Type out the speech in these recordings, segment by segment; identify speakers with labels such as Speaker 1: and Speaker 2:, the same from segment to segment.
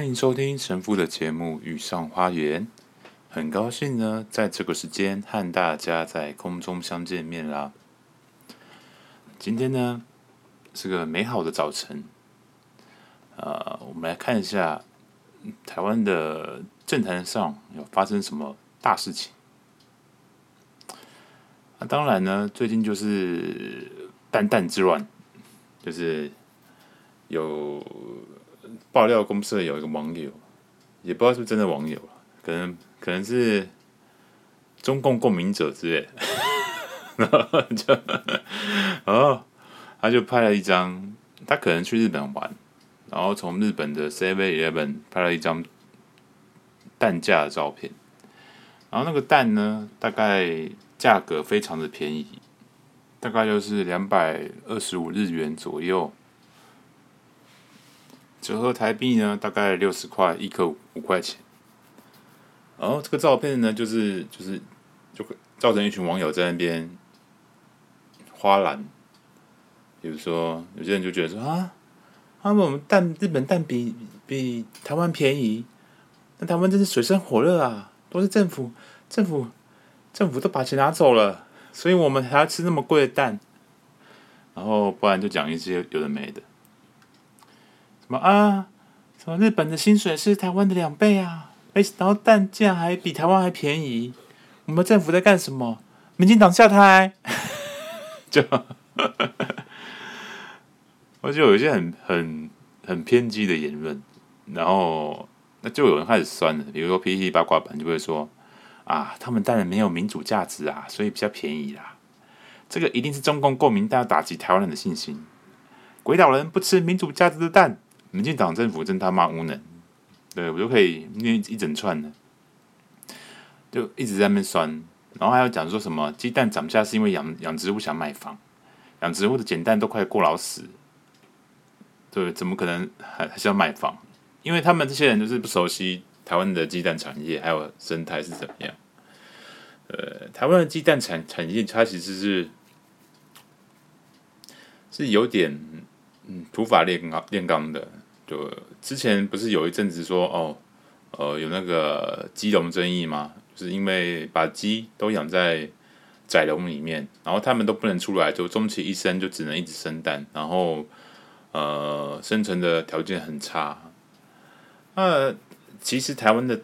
Speaker 1: 歡迎收聽神父的節目《雨上花園》。很高興呢，在這個時間和大家在空中相見面啦。今天呢是個美好的早晨，呃，我們來看一下台灣的政壇上有發生什麼大事情。啊，當然呢，最近就是蛋蛋之亂，就是有。爆料公社有一個網友，也不知道是不是真的網友，可能可能是中共共鳴者之類的。 然、然後就他就拍了一張，他可能去日本玩，然後從日本的 Seven Eleven 拍了一張蛋價的照片，然後那個蛋呢，大概價格非常的便宜，大概就是兩百二十五日元左右。折合台幣呢，大概六十塊一顆，五塊錢。然後這個照片呢，就是就是就造成一群網友在那邊花籃，比如說有些人就覺得說啊，啊我們蛋日本蛋比比台灣便宜，那台灣真是水深火熱啊，都是政府政府政府都把錢拿走了，所以我們還要吃那麼貴的蛋，然後不然就講一些有的沒的。什麼啊？什麼日本的薪水是台灣的兩倍啊？哎、欸，然後蛋價還比台灣還便宜。我們政府在幹什麼？民進黨下台 就， 我就有一些很很很偏激的言論，然後那就有人開始酸了。比如說 PT 八卦版就會說啊，他們當然沒有民主價值啊，所以比較便宜啦。這個一定是中共過民大要打擊台灣人的信心。鬼島人不吃民主價值的蛋。民進黨政府真他媽無能，對，我就可以念一整串的，就一直在那邊酸，然後還要講說什麼雞蛋漲價是因為養養殖戶想賣房，養殖戶的撿蛋都快過勞死，對，怎麼可能還還是要賣房？因為他們這些人就是不熟悉台灣的雞蛋產業還有生態是怎麼樣。呃，台灣的雞蛋產產業它其實是是有點嗯土法煉鋼煉鋼的。就之前不是有一陣子說哦，呃，有那個雞籠爭議嗎？就是因為把雞都養在窄籠裡面，然後他們都不能出來，就終其一生就只能一直生蛋，然後呃，生存的條件很差。那、呃、其實台灣的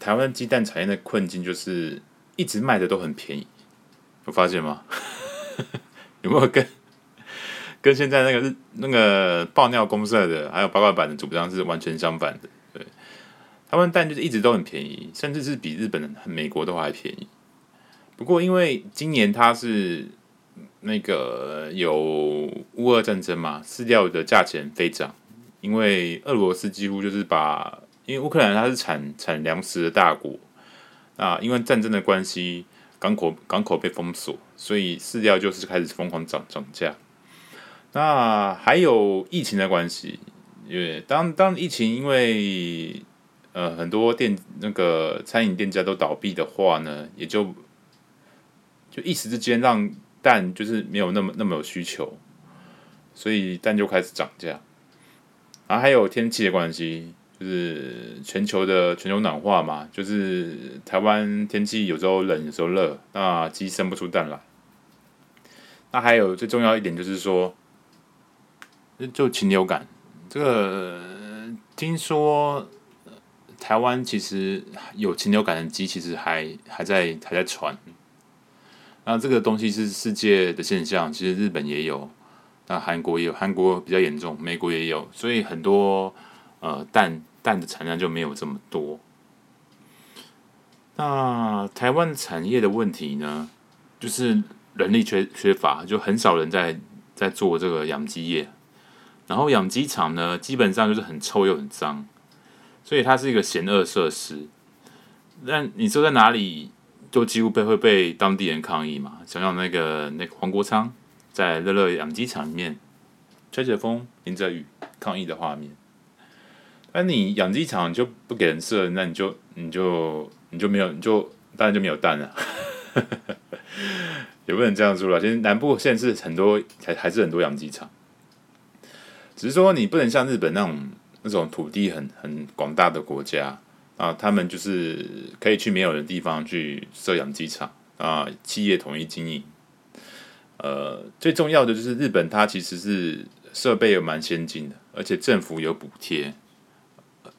Speaker 1: 台灣雞蛋產業的困境就是一直賣的都很便宜，有發現嗎？ 有沒有跟？跟現在那個日，那個爆尿公社的還有八卦版的主張是完全相反的。對，台灣蛋就是一直都很便宜，甚至是比日本、美國都還便宜。不過，因為今年它是那個有烏俄戰爭嘛，飼料的價錢飛漲，因為俄羅斯幾乎就是把因為烏克蘭它是產產糧食的大國，啊，因為戰爭的關係，港口港口被封鎖，所以飼料就是開始瘋狂漲漲價。那還有疫情的關係，因為當當疫情，因為呃，很多店那個餐飲店家都倒閉的話呢，也就就一時之間讓蛋就是沒有那麼那麼有需求，所以蛋就開始漲價。然後，還有天氣的關係，就是全球的全球暖化嘛，就是台灣天氣有時候冷有時候熱，那雞生不出蛋來。那還有最重要一點就是說，就禽流感，這個聽說台灣其實有禽流感的雞，其實還還在還在傳。那這個東西是世界的現象，其實日本也有，那韓國也有，韓國比較嚴重，美國也有，所以很多呃蛋蛋的產量就沒有這麼多。那台灣產業的問題呢，就是人力缺缺乏，就很少人在在做這個養雞業。然後養雞場呢，基本上就是很臭又很髒，所以它是一個嫌惡設施。但你說在哪裡，就幾乎被會被當地人抗議嘛。想想那個那個黃國昌在樂樂養雞場裡面吹着風、淋着雨抗議的畫面。那你養雞場就不給人設，那你就你就你就沒有你就當然就沒有蛋了，也 不能這樣說了。其實南部現在是很多還還是很多養雞場。只是說，你不能像日本那種那種土地很很廣大的國家啊，他們就是可以去沒有人地方去設養雞場啊，企業統一經營。呃，最重要的就是日本，它其實是設備有蠻先進的，而且政府有補貼，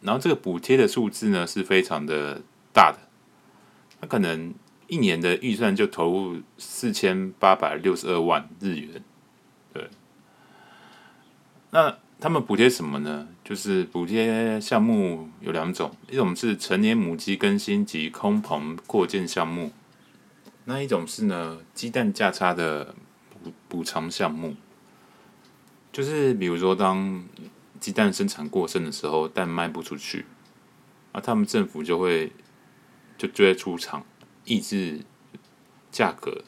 Speaker 1: 然後這個補貼的數字呢是非常的大的，它可能一年的預算就投入四千八百六十二萬日元。那他們補貼什麼呢？就是補貼項目有兩種，一種是成年母雞更新及空棚擴建項目，那一種是呢雞蛋價差的補、補償項目，就是比如說當雞蛋生產過剩的時候，蛋賣不出去，而、啊、他們政府就會就就會出廠抑制價格，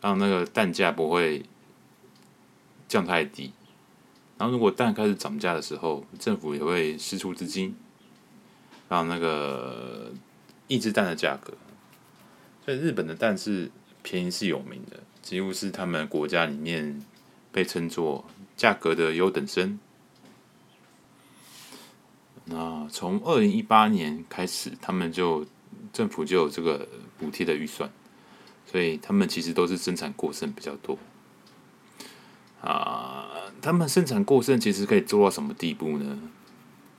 Speaker 1: 讓那個蛋價不會降太低。然後，如果蛋開始漲價的時候，政府也會釋出資金，然後那個抑制蛋的價格。所以，日本的蛋是便宜是有名的，幾乎是他們國家裡面被稱作價格的優等生。那從二零一八年開始，他們就政府就有這個補貼的預算，所以他們其實都是生產過剩比較多啊。他們生產過剩，其實可以做到什麼地步呢？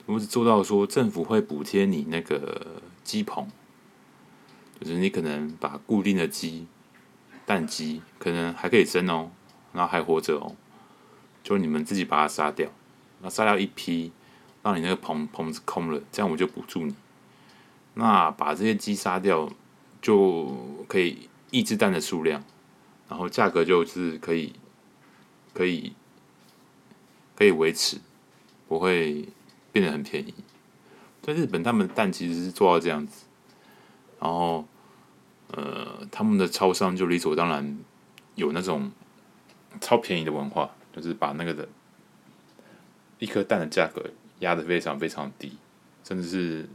Speaker 1: 如果做到說，政府會補貼你那個雞棚，就是你可能把固定的雞、蛋雞，可能還可以生哦，然後還活着哦，就你們自己把它殺掉，那殺掉一批，讓你那個棚棚子空了，這樣我就補助你。那把這些雞殺掉，就可以抑制蛋的數量，然後價格就是可以，可以。可以維持，不會變得很便宜。在日本，他們的蛋其實是做到這樣子，然後，呃，他們的超商就理所當然有那種超便宜的文化，就是把那個的一顆蛋的價格壓得非常非常低，甚至是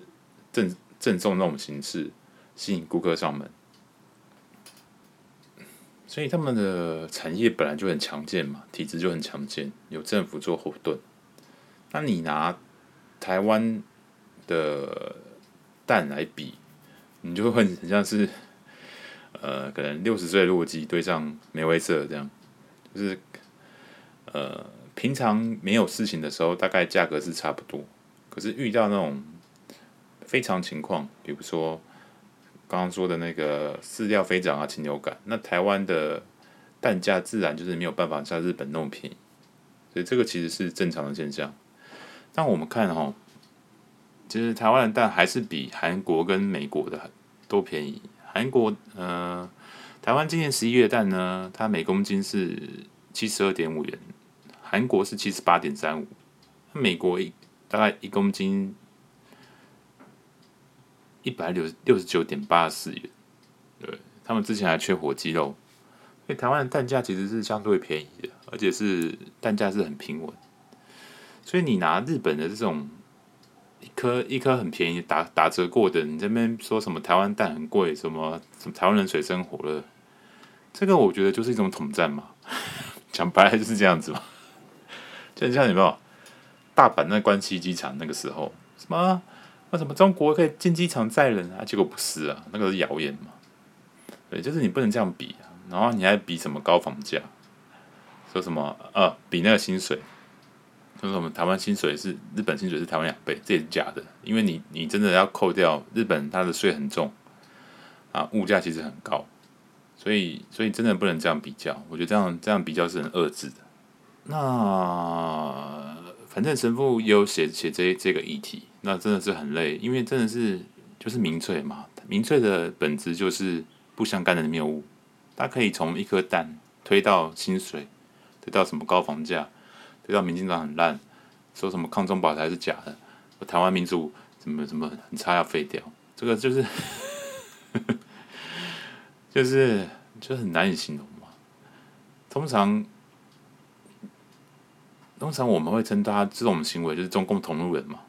Speaker 1: 贈贈送那種形式，吸引顧客上門。所以他們的產業本來就很強健嘛，體制就很強健，有政府做後盾。那你拿台灣的蛋來比，你就會很像是，呃，可能六十歲弱雞對上梅威瑟這樣，就是，呃，平常沒有事情的時候，大概價格是差不多，可是遇到那種非常情況，比如說。剛剛說的那個飼料飛漲啊，禽流感，那台灣的蛋價自然就是沒有辦法像日本那麼便宜，所以這個其實是正常的現象。那我們看哈，其實台灣的蛋還是比韓國跟美國的都便宜。韓國呃，台灣今年十一月蛋呢，它每公斤是七十二點五元，韓國是七十八點三五，美國一大概一公斤，一百六十六十九點八四元，對他們之前還缺火雞肉，所以台灣的蛋價其實是相對便宜的，而且是蛋價是很平穩。所以你拿日本的這種一顆一顆很便宜打打折過的，你這邊說什麼台灣蛋很貴，什麼什麼台灣人水深火熱，這個我覺得就是一種統戰嘛，講 白了就是這樣子嘛。就像有沒有大阪那關西機場那個時候什麼？那、啊、什麼中國可以進機場載人啊？結果不是啊，那個是謠言嘛。對，就是你不能這樣比啊。然後你還比什麼高房價？說什麼呃、啊，比那個薪水？說什麼台灣薪水是日本薪水是台灣兩倍？這也是假的，因為你你真的要扣掉日本它的稅很重啊，物價其實很高，所以所以真的不能這樣比較。我覺得這樣這樣比較是很惡質的。那反正神父有寫寫這這個議題。那真的是很累，因為真的是就是民粹嘛。民粹的本質就是不相干的謬誤。他可以從一顆蛋推到薪水，推到什麼高房價，推到民進黨很爛，說什麼抗中保台是假的，台灣民主怎麼怎麼很差要廢掉，這個就是 就是、就是、就很難以形容嘛。通常通常我們會稱他這種行為就是中共同路人嘛。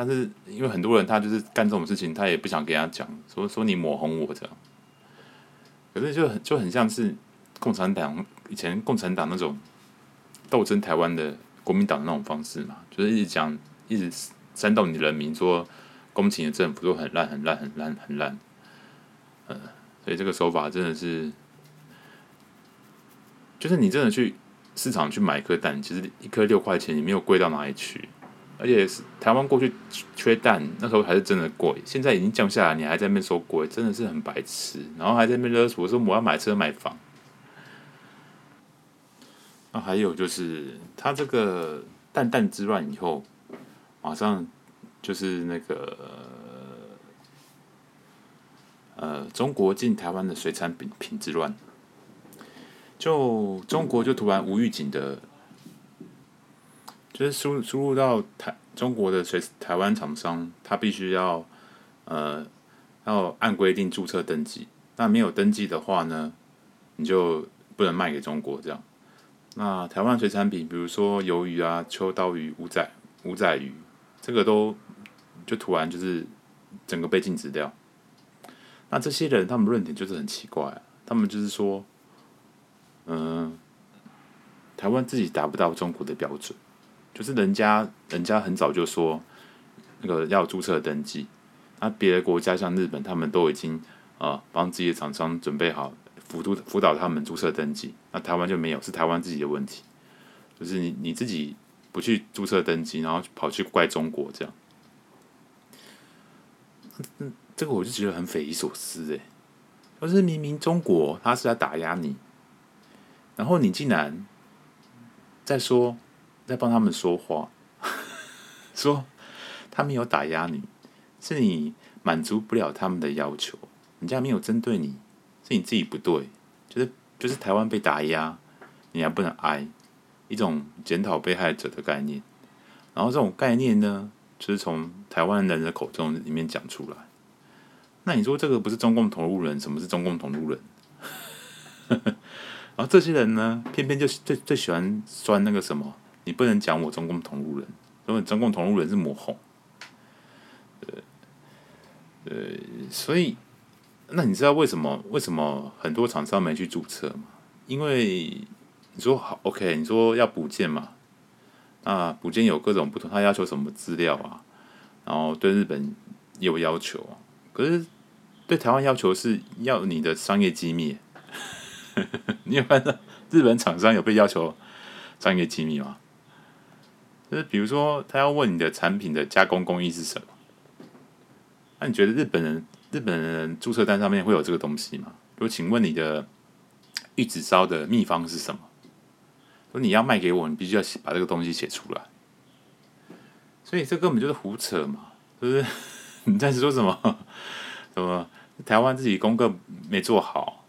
Speaker 1: 但是，因為很多人他就是幹這種事情，他也不想給人家講，說說你抹紅我這樣。可是就很就很像是共產黨以前共產黨那種鬥爭台灣的國民黨的那種方式嘛，就是一直講，一直煽動你的人民說，工勤的政府都很，很，很，很爛，很爛，很爛，很爛。嗯，所以這個手法真的是，就是你真的去市場去買一顆蛋，其實一顆六塊錢，也沒有貴到哪裡去。而且台灣過去缺蛋，那時候還是真的貴，現在已經降下來，你還在那邊說貴，真的是很白痴。然後還在那邊勒索，我說我要買車買房。那、啊、還有就是，他這個蛋蛋之亂以後，馬上就是那個呃，中國禁台灣的水產品之亂，就中國就突然無預警的。就是輸輸入到台中國的水台灣廠商，他必須要呃要按規定注冊登記。那沒有登記的話呢，你就不能賣給中國這樣。那台灣水產品，比如說魷魚啊、秋刀魚、午仔午仔魚，這個都就突然就是整個被禁止掉。那這些人他們論點就是很奇怪，啊，他們就是說，嗯、呃，台灣自己達不到中國的標準。就是人家，人家很早就說，那個要註冊登記。那別的國家像日本，他們都已經啊幫、呃、自己的廠商準備好，輔助輔導他們註冊登記。那台灣就沒有，是台灣自己的問題。就是你你自己不去註冊登記，然後跑去怪中國這樣，嗯、這個我就覺得很匪夷所思誒、欸，可是、就是明明中國他是在打壓你，然後你竟然在說。在幫他們說話， 說他沒有打壓你，是你滿足不了他們的要求。
Speaker 2: 人家沒有
Speaker 1: 針對你，是你自己不對。就是就是台灣被打壓，你還不能挨，一種檢討被害者的概念。然後這種概念呢，就是從台灣人的口中裡面講出來。那你說這個不是中共同路人？什麼是中共同路人？ 然後這些人呢，偏偏就最最喜歡鑽那個什麼？你不能講我中共同路人，因為中共同路人是抹紅。呃，所以那你知道為什麼為什麼很多廠商沒去註冊嗎？因為你說好 OK，你說要補件嘛，那補件有各種不同，他要求什麼資料啊，然後對日本有要求啊，可是對台灣要求是要你的商業機密。 你有看到日本廠商有被要求商業機密嗎？就是比如說，他要問你的產品的加工工藝是什麼啊？那你覺得日本人日本人注冊單上面會有這個東西嗎？比如請問你的玉子燒的秘方是什麼？說你要賣給我，你必須要把這個東西寫出來。所以這根本就是胡扯嘛，就是？你在說什麼？什麼？台灣自己功課沒做好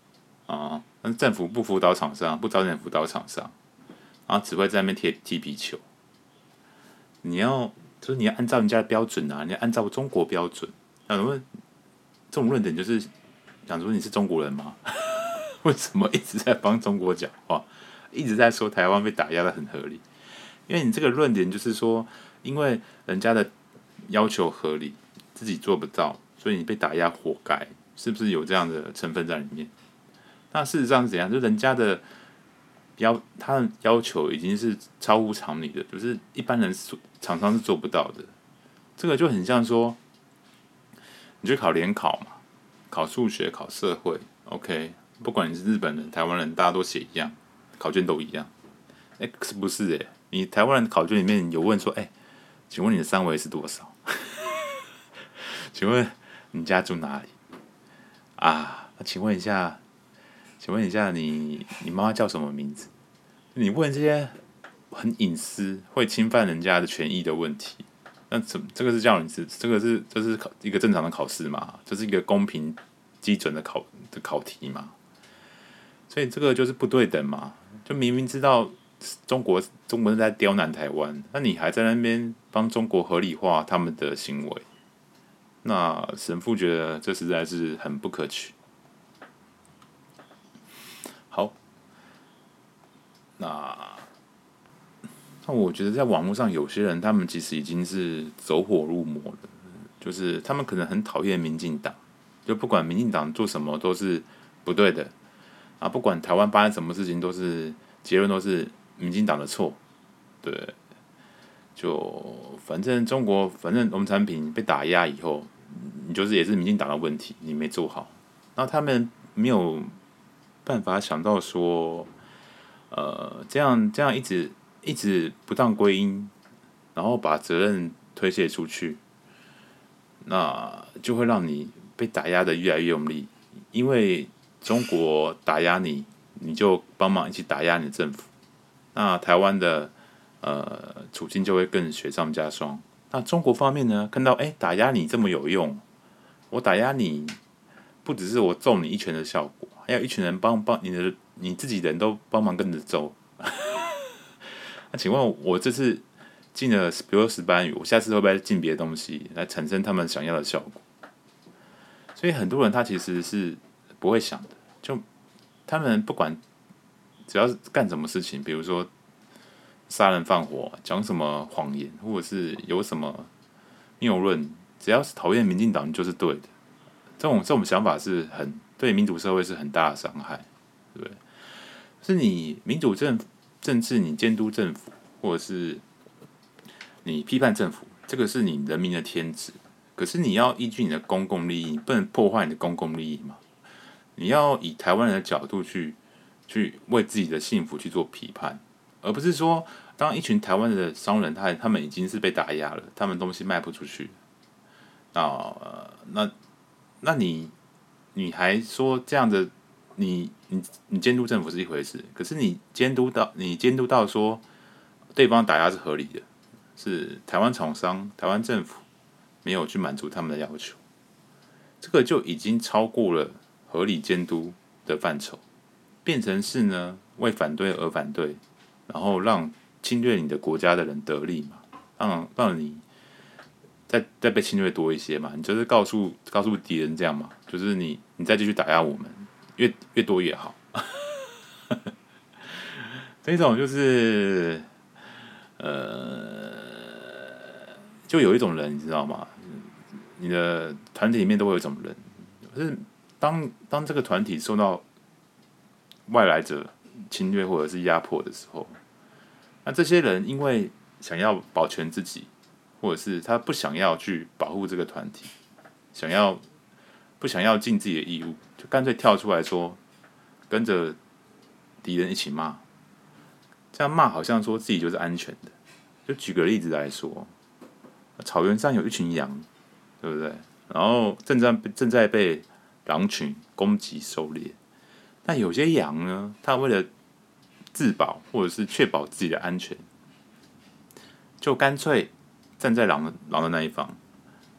Speaker 1: 啊？那政府不輔導廠商，不早點輔導廠商，然後只會在那邊貼踢皮球。你要、就是你要按照人家的標準啊，你要按照中國標準，那什麼這種論點就是想說你是中國人嗎？ 為什麼一直在幫中國講話，一直在說台灣被打壓得很合理？因為你這個論點就是說，因為人家的要求合理，自己做不到，所以你被打壓活該，是不是有這樣的成分在裡面？那事實上是怎樣？就人家的要他的要求已經是超乎常理的，就是一般人所。廠商是做不到的，這個就很像說，你就考聯考嘛，考數學、考社會，OK，不管你是日本人、台灣人，大家都寫一樣，考卷都一樣。X 不是哎、欸，你台灣人考卷裡面有問說，哎、欸，請問你的三圍是多少？ 請問你家住哪裡？啊，請問一下，請問一下你，你你媽叫什麼名字？你問這些。很隱私，會侵犯人家的權益的問題。那怎，這個是這樣子，這個是這樣、這個、是考一個正常的考試嘛，這是一個公平基準的考的考題嘛。所以這個就是不對等嘛。就明明知道中國中國是在刁難台灣，那你還在那邊幫中國合理化他們的行為。那神父覺得這實在是很不可取。好，那。那我覺得，在網絡上，有些人他們其實已經是走火入魔了，就是他們可能很討厭民進黨，就不管民進黨做什麼都是不對的啊，不管台灣發生什麼事情，都是結論都是民進黨的錯，對，就反正中國反正農產品被打壓以後，你就是也是民進黨的問題，你沒做好，那他們沒有辦法想到說，呃，這樣這樣一直。一直不當歸因，然後把責任推卸出去，那就會讓你被打壓的越來越用力。因為中國打壓你，你就幫忙一起打壓你的政府，那台灣的呃處境就會更雪上加霜。那中國方面呢，看到哎、欸、打壓你這麼有用，我打壓你不只是我揍你一拳的效果，還有一群人幫幫你的你自己人都幫忙跟着揍。那請問，我這次進了比如說石斑魚，我下次會不會進別的東西來產生他們想要的效果？所以很多人他其實是不會想的，就他們不管只要是幹什麼事情，比如說殺人放火、講什麼謊言，或者是有什麼謬論，只要是討厭民進黨就是對的。這種這種想法是很對民主社會是很大的傷害，對不對？就是你民主政。甚至你監督政府，或者是你批判政府，這個是你人民的天職。可是你要依據你的公共利益，你不能破壞你的公共利益嘛，你要以台灣人的角度去去為自己的幸福去做批判，而不是說，當一群台灣的商人，他他們已經是被打壓了，他們東西賣不出去啊，那那，那你你還說這樣的你？你你監督政府是一回事，可是你監督到你監督到說對方打壓是合理的，是台灣廠商、台灣政府沒有去滿足他們的要求，這個就已經超過了合理監督的範疇，變成是呢為反對而反對，然後讓侵略你的國家的人得利嘛，讓讓你再再被侵略多一些嘛，你就是告訴告訴敵人這樣嘛，就是你你再繼續打壓我們。越越多越好， 這種就是，呃，就有一種人，你知道嗎？你的團體裡面都會有一種人，可是當當這個團體受到外來者侵略或者是壓迫的時候，那這些人因為想要保全自己，或者是他不想要去保護這個團體，想要不想要盡自己的義務。就乾脆跳出來說，跟着敵人一起罵，這樣罵好像說自己就是安全的。就舉個例子來說，草原上有一群羊，對不對？然後正在正在被狼群攻擊狩獵，但有些羊呢，它為了自保或者是確保自己的安全，就乾脆站在狼的狼的那一方，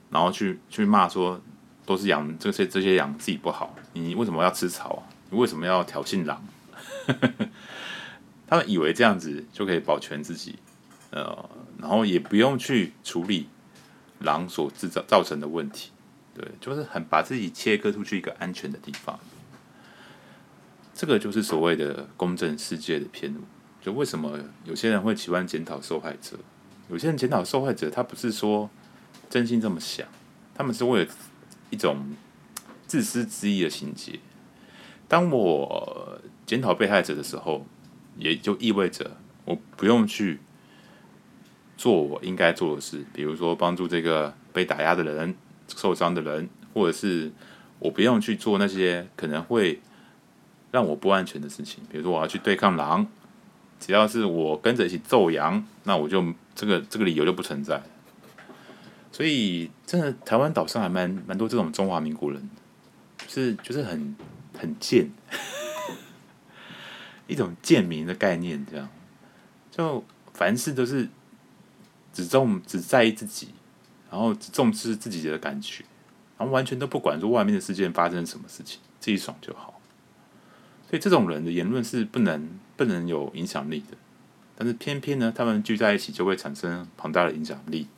Speaker 1: 然後去去罵說。都是羊，這些這些羊自己不好，你為什麼要吃草啊？你為什麼要挑釁狼？ 他們以為這樣子就可以保全自己，呃，然後也不用去處理狼所製造造成的問題。對，就是很把自己切割出去一個安全的地方。這個就是所謂的公正世界的偏誤。就為什麼有些人會喜歡檢討受害者？有些人檢討受害者，他不是說真心這麼想，他們是為了。一種自私之意的情結。當我檢討被害者的時候，也就意味着我不用去做我應該做的事，比如說幫助這個被打壓的人、受傷的人，或者是我不用去做那些可能會讓我不安全的事情，比如說我要去對抗狼。只要是我跟着一起揍羊，那我就這個這個理由就不存在。所以，真的，台灣島上還蠻蠻多這種中華民國人的，就是就是很很賤， 一種賤民的概念，這樣，就凡事都是只重只在意自己，然後只重視自己的感覺，然後完全都不管說外面的世界發生什麼事情，自己爽就好。所以，這種人的言論是不能不能有影響力的，但是偏偏呢，他們聚在一起就會產生龐大的影響力。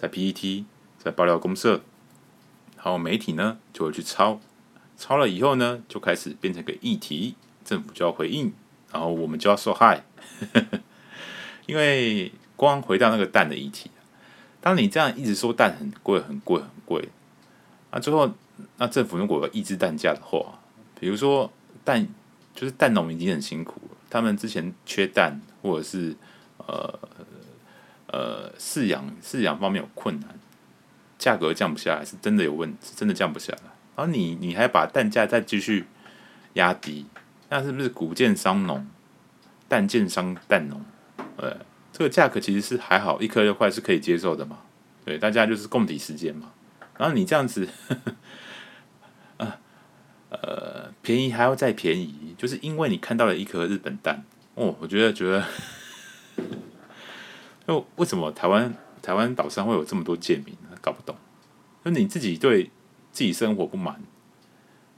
Speaker 1: 在 PET，在爆料公社，然後媒體呢就會去抄，抄了以後呢，就開始變成個議題，政府就要回應，然後我們就要受害， 因為光回到那個蛋的議題，啊，當你這樣一直說蛋很貴、很貴、很貴，那最後那政府如果有抑制蛋價的話，啊，比如說蛋就是蛋農已經很辛苦了，他們之前缺蛋，或者是呃。呃，飼養飼養方面有困難，價格降不下來，是真的有問題，真的降不下來。然後你你還把蛋價再繼續壓低，那是不是穀賤傷農，蛋賤傷蛋農？呃，這個價格其實是還好，一顆六塊是可以接受的嘛。對，大家就是共體時艱嘛。然後你這樣子呵呵，呃，便宜還要再便宜，就是因為你看到了一顆日本蛋。哦，我覺得覺得。 那為什麼台灣台灣島上會有這麼多賤民？搞不懂。那你自己對自己生活不滿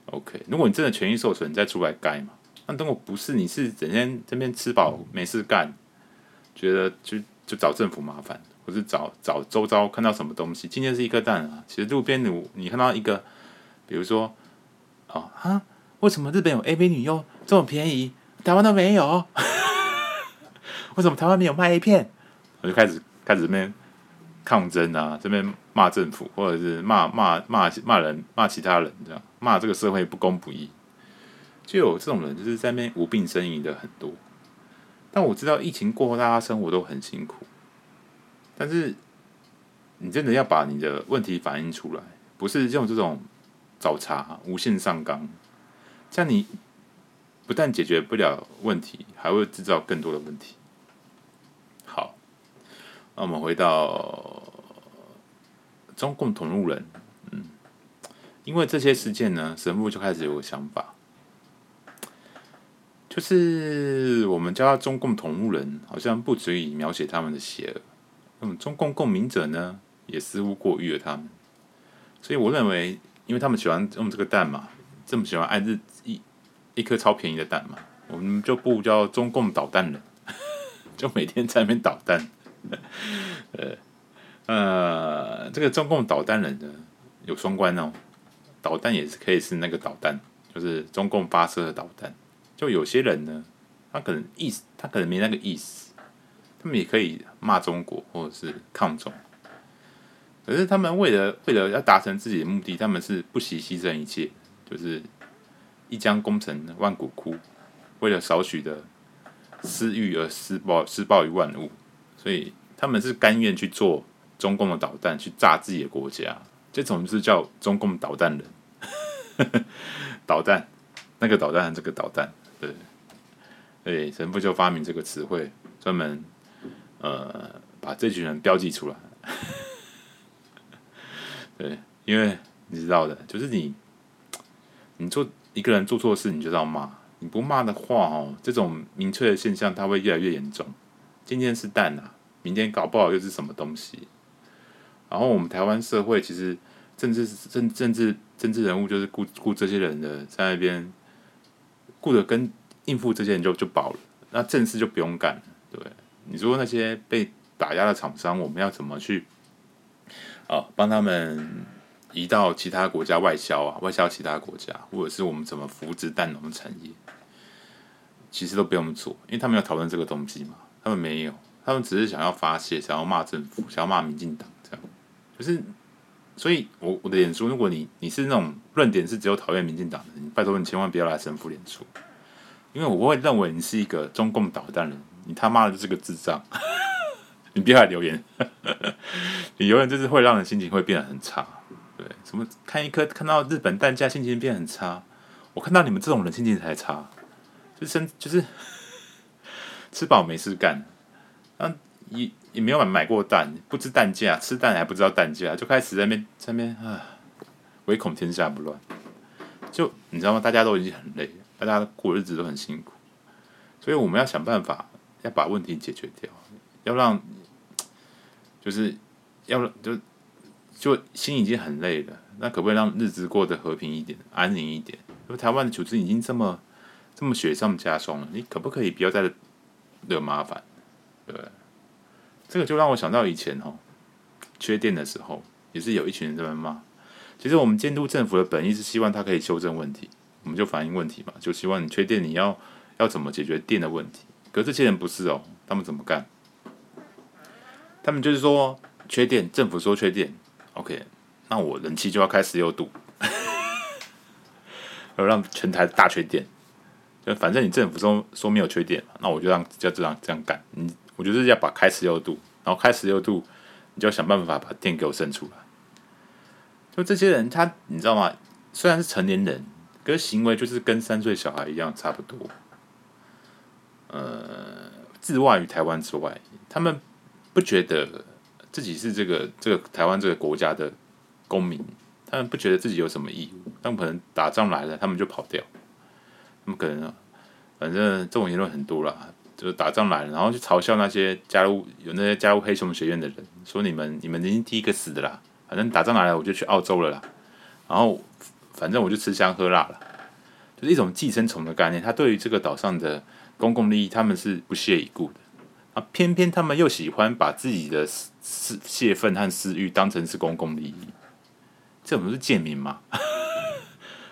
Speaker 1: ？OK，如果你真的權益受損，你再出來幹嘛？那如果不是，你是整天在這邊吃飽沒事幹，覺得就就找政府麻煩，或是找找周遭看到什麼東西？今天是一顆蛋啊，其實路邊你你看到一個，比如說啊哈、哦，為什麼日本有 AV 女優這麼便宜，台灣都沒有？ 為什麼台灣沒有賣 A 片？我就開始開始這邊抗爭啊，這邊罵政府，或者是罵罵罵罵人，罵其他人這樣，罵這個社會不公不義。就有這種人，就是在那邊無病呻吟的很多。但我知道疫情過後，大家生活都很辛苦。但是你真的要把你的問題反映出來，不是用這種找茬啊，無限上綱，這樣你不但解決不了問題，還會製造更多的問題。那我們回到中共同路人，嗯，因為這些事件呢，神父就開始有個想法，就是我們叫中共同路人，好像不足以描寫他們的邪惡，嗯，中共共鳴者呢，也似乎過譽了他們，所以我認為，因為他們喜歡用這個蛋嘛，這麼喜歡愛日一一顆超便宜的蛋嘛，我們就不叫中共搗蛋人， 就每天在那邊搗蛋。呃 呃，這個中共導彈人呢，有雙關哦。導彈也是可以是那個導彈，就是中共發射的導彈。就有些人呢，他可能意思，他可能沒那個意思，他們也可以罵中國或者是抗中，可是他們為了為了要達成自己的目的，他們是不惜犧牲一切，就是一將功成萬骨枯，為了少許的私慾而施暴施暴於萬物。所以他們是甘願去做中共的導彈，去炸自己的國家，這種是叫中共導彈人， 導彈那個導彈，這個導彈，對，對，神父就發明這個詞彙，專門呃把這群人標記出來。 對，因為你知道的，就是你你做一個人做錯事，你就要罵，你不罵的話，哦，這種民粹的現象，它會越來越嚴重。今天是蛋啊，明天搞不好又是什麼東西。然後我們台灣社會其實政治政政治政治人物就是顧顧這些人的，在那邊顧着跟應付這些人就就飽了，那正事就不用幹了。對，你說那些被打壓的廠商，我們要怎麼去啊，哦，幫他們移到其他國家外銷啊，外銷其他國家，或者是我們怎麼扶植蛋農產業？其實都不用做，因為他們要討論這個東西嘛。他們沒有，他們只是想要發洩，想要罵政府，想要罵民進黨，這樣就是。所以我我的臉書，如果你你是那種論點是只有討厭民進黨的人，拜託你千萬不要來神父臉書，因為我不會認為你是一個中共搗蛋人，你他媽的就是個智障， 你別來留言， 你永遠就是會讓人心情會變得很差。對，什麼看一顆看到日本蛋價心情變很差，我看到你們這種人心情才差，就是就是。吃飽沒事幹，嗯、啊，也也沒有買買過蛋，不知蛋價，吃蛋還不知道蛋價，就開始在那邊在那邊啊，唯恐天下不亂。就你知道嗎？大家都已經很累，大家過日子都很辛苦，所以我們要想辦法要把問題解決掉，要讓，就是要讓就就心已經很累了，那可不可以讓日子過得和平一點、安寧一點？因為台灣的處境已經這麼這麼雪上加霜了，你可不可以不要再？的麻煩，對，這個就讓我想到以前哦，缺電的時候也是有一群人在那罵。其實我們監督政府的本意是希望他可以修正問題，我們就反映問題嘛，就希望你缺電你要要怎麼解決電的問題。可是這些人不是哦，他們怎麼幹？他們就是說缺電，政府說缺電，OK，那我冷氣就要開十六度然後 讓全台大缺電。反正你政府說說沒有缺電，那我就讓就讓這樣這樣幹。你，我就是要把開十六度，然後開十六度，你就要想辦法把電給我生出來。就這些人，他你知道嗎？雖然是成年人，可是行為就是跟三歲小孩一樣差不多。呃，自外於台灣之外，他們不覺得自己是這個這個台灣這個國家的公民，他們不覺得自己有什麼義務。但可能打仗來了，他們就跑掉。他們可能。反正這種言論很多了，就是打仗來了，然後就嘲笑那些加入有那些加入黑熊學院的人，說你們你們已經第一個死的啦。反正打仗來了，我就去澳洲了啦，然後反正我就吃香喝辣了。就是一種寄生蟲的概念，他對於這個島上的公共利益，他們是不屑一顧的。啊，偏偏他們又喜歡把自己的私泄憤和私欲當成是公共利益，這種不是賤民嗎？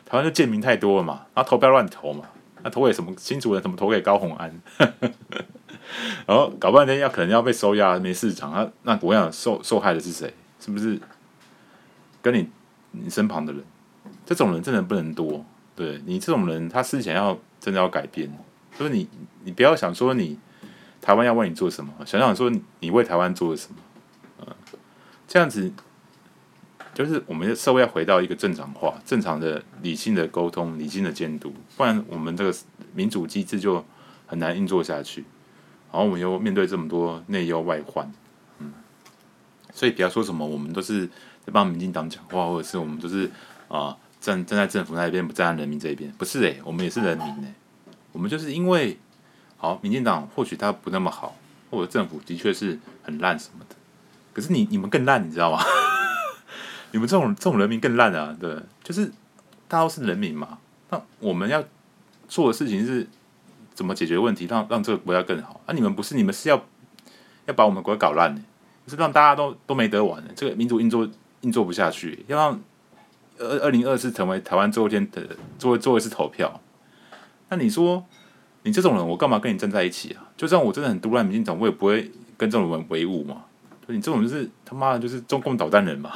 Speaker 1: 台灣就賤民太多了嘛，然後投票亂投嘛。那、啊、投給什麼新竹人？怎麼投給高虹安？ 然後搞半天要可能要被收押，沒市長。啊！那我想受，受害的是誰？是不是跟你，你身旁的人？這種人真的不能多。對你這種人，他思想要真的要改變。就是你，你不要想說你台灣要為你做什麼，想想說你，你為台灣做了什麼。嗯，這樣子。就是我們社會要回到一個正常化、正常的、理性的溝通、理性的監督，不然我們這個民主機制就很難運作下去。然後我們又面對這麼多內憂外患，嗯，所以不要說什麼我們都是在幫民進黨講話，或者是我們都是啊、呃、站站在政府那一邊，不站在人民這一邊，不是哎，我們也是人民哎，我們就是因為好，民進黨或許他不那麼好，或者政府的確是很爛什麼的，可是你你們更爛，你知道嗎？ 你們這種這種人民更爛啊！對，就是大家都是人民嘛。那我們要做的事情是怎麼解決問題，讓讓這個國家更好。那、啊、你們不是，你們是要要把我們的國家搞爛，就是讓大家都都沒得玩。這個民主運作運作不下去，要讓二二零二四成為台灣最後一天的最後最後一次投票。那你說，你這種人，我幹嘛跟你站在一起啊？就算我真的很賭爛民進黨，我也不會跟這種人為伍嘛。你這種人、就是他媽的就是中共搗蛋人嘛！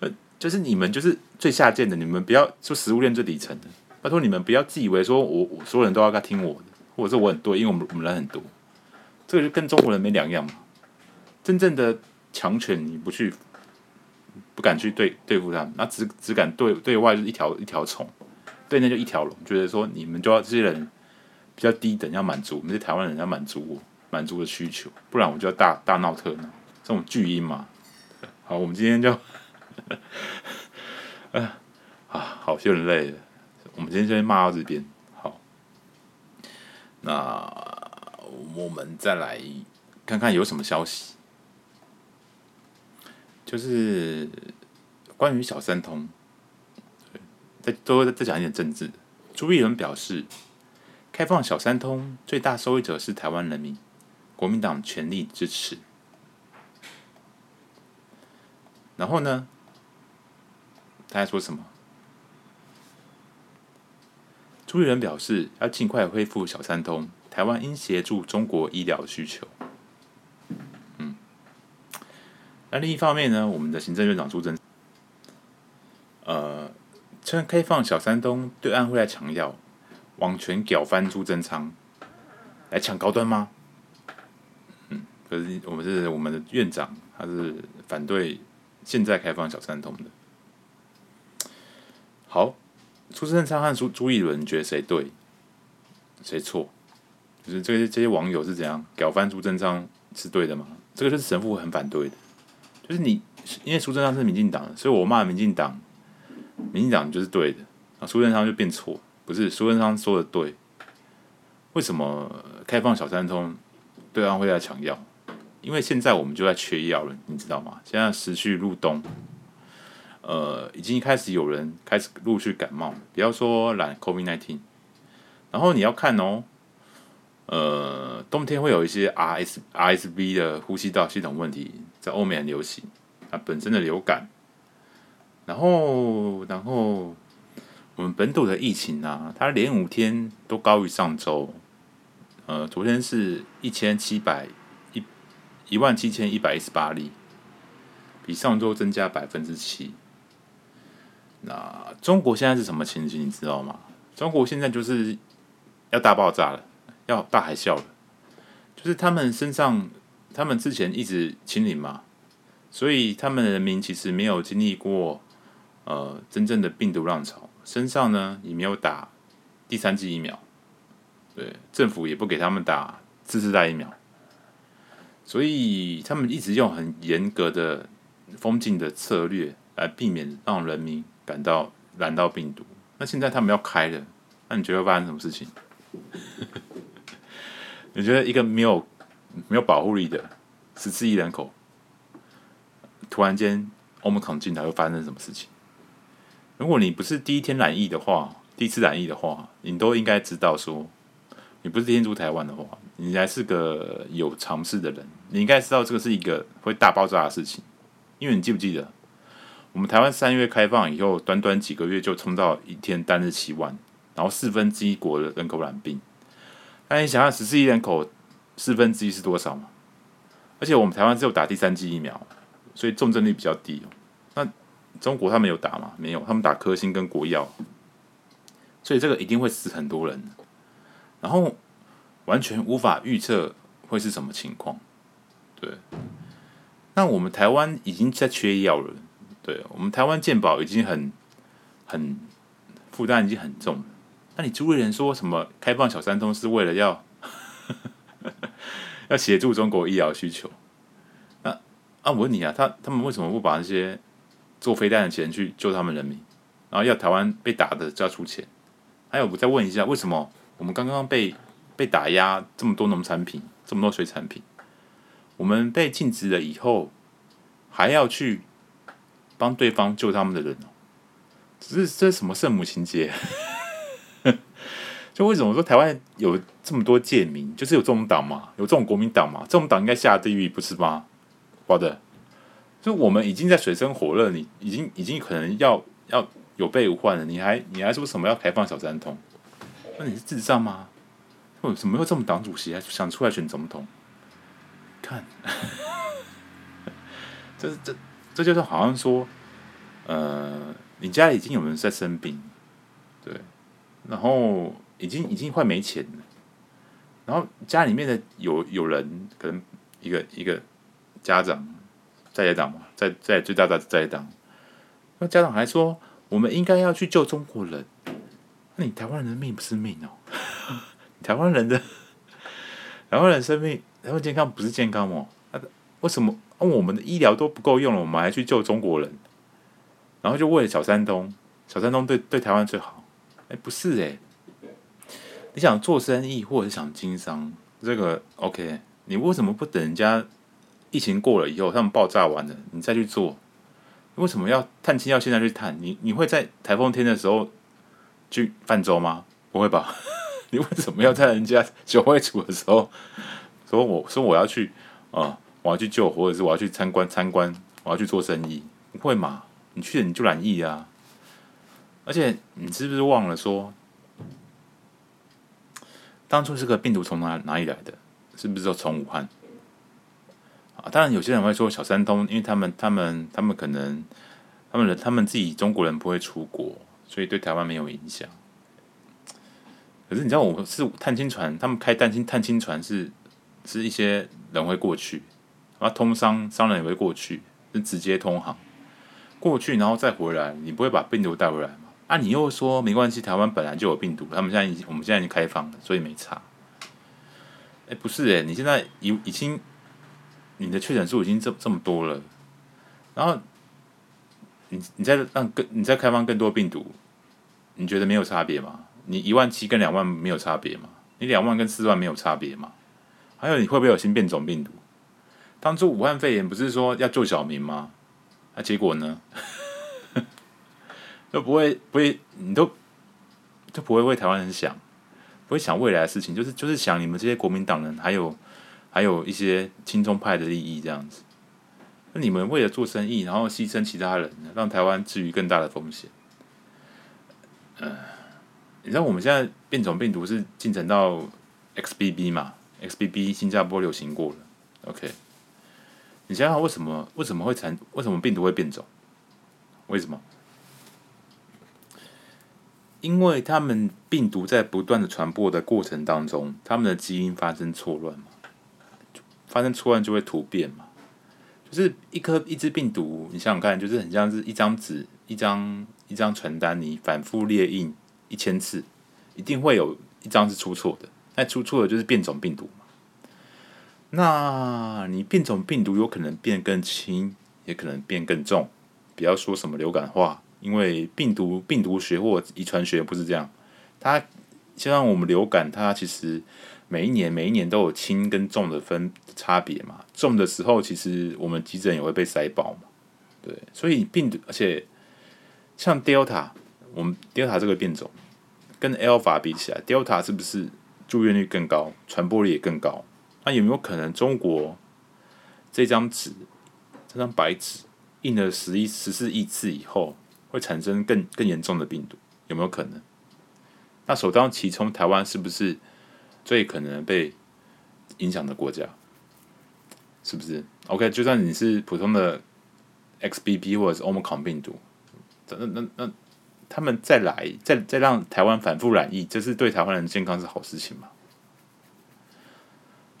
Speaker 1: 呃，就是你們就是最下賤的，你們不要做食物鏈最底層的。拜託，“你們不要自以為說我，我我所有人都要該聽我的，或者是我很多，因為我們我們人很多，這個就跟中國人沒兩樣嘛。真正的強權，你不去，不敢去對對付他們，那只只敢對對外就一條一條蟲，對內就一條龍。覺得說你們就要這些人比較低等要，你要滿足我們是台灣人要滿足我滿足的需求，不然我就要大大鬧特鬧，這種巨嬰嘛。好，我們今天就。”哎啊， 好，有點累。我們今天先罵到這邊，好。那我們再來看看有什麼消息，就是關於小三通。再多再講一點政治。朱立倫表示，開放小三通最大受益者是台灣人民，國民黨全力支持。然後呢？他在說什麼？朱立倫表示要儘快恢復小三通，台灣應協助中國醫療需求。嗯，那另一方面呢？我們的行政院長蘇貞昌，呃，趁開放小三通，對岸會來搶藥，網拳攪翻蘇貞昌。來搶高端嗎？嗯，可是我們是我們的院長，他是反對現在開放小三通的。好，蘇貞昌和蘇朱，朱立倫覺得誰對，誰錯？就是這些這些網友是怎樣搞翻蘇貞昌是對的嗎？這個就是神父很反對的，就是你因為蘇貞昌是民進黨，所以我罵民進黨，民進黨就是對的啊，蘇貞昌就變錯，不是蘇貞昌說的對？為什麼開放小三通對岸會來搶藥？因為現在我們就在缺藥了，你知道嗎？現在時序入冬。呃，已經開始有人開始陸續感冒，不要說染 COVID-19，然後你要看哦，呃，冬天會有一些 RS RSV 的呼吸道系統問題，在歐美很流行啊，本身的流感，然後然後我們本土的疫情呢、啊，它連五天都高於上週，呃，昨天是 00, 一千七百一一萬七千一百一十八例，比上週增加百分之七。那中國現在是什麼情形？你知道嗎？中國現在就是要大爆炸了，要大海嘯了。就是他們身上，他們之前一直清零嘛，所以他們的人民其實沒有經歷過呃真正的病毒浪潮，身上呢也沒有打第三劑疫苗，對政府也不給他們打次世代疫苗，所以他們一直用很嚴格的封禁的策略來避免讓人民。染到染到病毒，那現在他們要開了，那你覺得會發生什麼事情？ 你覺得一個沒有沒有保護力的十四億人口，突然間 Omicron 進來會發生什麼事情？如果你不是第一天染疫的話，第一次染疫的話，你都應該知道說，你不是今天住台灣的話，你還是個有常識的人，你應該知道這個是一個會大爆炸的事情，因為你記不記得？我們台灣三月開放以後，短短幾個月就衝到一天單日七萬，然後四分之一國的人口染病。那你想想十四億人口，四分之一是多少嘛？而且我們台灣只有打第三劑疫苗，所以重症率比較低。那中國他們有打嗎？沒有，他們打科興跟國藥，所以這個一定會死很多人。然後完全無法預測會是什麼情況。對，那我們台灣已經在缺藥了。對，我們台灣健保已經很很負擔已經很重，那你朱立倫說什麼開放小三通是為了要呵呵要協助中國醫療需求？那啊，啊我問你啊，他他們為什麼不把那些做飛彈的錢去救他們人民？然後要台灣被打的就要出錢？還有我再問一下，為什麼我們剛剛被被打壓這麼多農產品、這麼多水產品，我們被禁止了以後還要去？幫對方救他們的人哦，只是這是什麼聖母情結？ 就為什麼說台灣有這麼多賤民？就是有這種黨嘛，有這種國民黨嘛？這種黨應該下地獄不是嗎？好的，就我們已經在水深火熱，你已經已經可能要要有備無患了。你還你還說什麼要開放小三通？那你是智障嗎？為什麼會這麼黨主席還想出來選總統？看， 這是這是。這就是好像說，呃，你家已經有人在生病，對，然後已經已經快沒錢了，然後家裡面的有有人可能一個一個家長在當嘛，在在最大的在當，那家長還說我們應該要去救中國人，那你台灣人的命不是命哦， 台灣人的台灣人生命台灣健康不是健康哦。為什麼、哦？我們的醫療都不夠用了，我們還去救中國人？然後就為了小三通，小三通對對臺灣最好？哎、欸，不是哎。你想做生意或者想經商，這個 OK。你為什麼不等人家疫情過了以後，他們爆炸完了，你再去做？你為什麼要探親？要現在去探？你你會在台風天的時候去泛舟嗎？不會吧？ 你為什麼要在人家酒會煮的時候說我說我要去啊？哦我要去救，或者是我要去參觀參觀，我要去做生意，不會嘛？你去的你就染疫啊！而且你是不是忘了說，當初這個病毒從哪哪裡來的？是不是說從武漢啊？當然，有些人會說小三通，因為他們他們他們可能他們人他們自己中國人不會出國，所以對台灣沒有影響。可是你知道，我是探親船，他們開探親探親船是是一些人會過去。要通商，商人也會過去，就直接通航過去，然後再回來，你不會把病毒帶回來嗎？啊，你又說沒關係，台灣本來就有病毒，他們現在已經我們現在已經開放了，所以沒差。哎、欸，不是哎、欸，你現在已經已經你的確診數已經這這麼多了，然後你你再讓更你再開放更多病毒，你覺得沒有差別嗎？你一萬七跟兩萬沒有差別嗎？你兩萬跟四萬沒有差別嗎？還有你會不會有新變種病毒？當初武漢肺炎不是說要救小明嗎？那、啊、結果呢？ 都不會不會，你都就不會為台灣人想，不會想未來的事情，就是就是想你們這些國民黨人，還有還有一些親中派的利益這樣子。那你們為了做生意，然後犧牲其他人，讓台灣置於更大的風險。嗯、呃，你知道我們現在變種病毒是進程到 XBB 嘛？XBB 新加坡流行過了，OK。你想想為什麼為什麼會產為什麼病毒會變種？為什麼？因為他們病毒在不斷的傳播的過程當中，他們的基因發生錯亂嘛，發生錯亂就會突變嘛。就是一顆一隻病毒，你想想看，就是很像是一張紙一張一張傳單，你反複列印一千次，一定會有一張是出錯的。那出錯的就是變種病毒。那你變種病毒有可能變更輕，也可能變更重，不要說什麼流感化，因為病毒病毒學或遺傳學不是這樣。它就像我們流感，它其實每一年每一年都有輕跟重的分差別嘛。重的時候，其實我們急診也會被塞爆嘛。對，所以病毒，而且像 Delta，我們 Delta 這個變種跟 Alpha 比起來，Delta 是不是住院率更高，傳播率也更高？那有沒有可能中國這張紙、這張白紙印了十一十四億次以後，會產生更更嚴重的病毒？有沒有可能？那首當其衝，台灣是不是最可能被影響的國家？是不是？OK，就算你是普通的 XBP 或者是 Omicron 病毒，那那那他們再來，再再讓台灣反覆染疫，這、就是對台灣人健康是好事情嗎？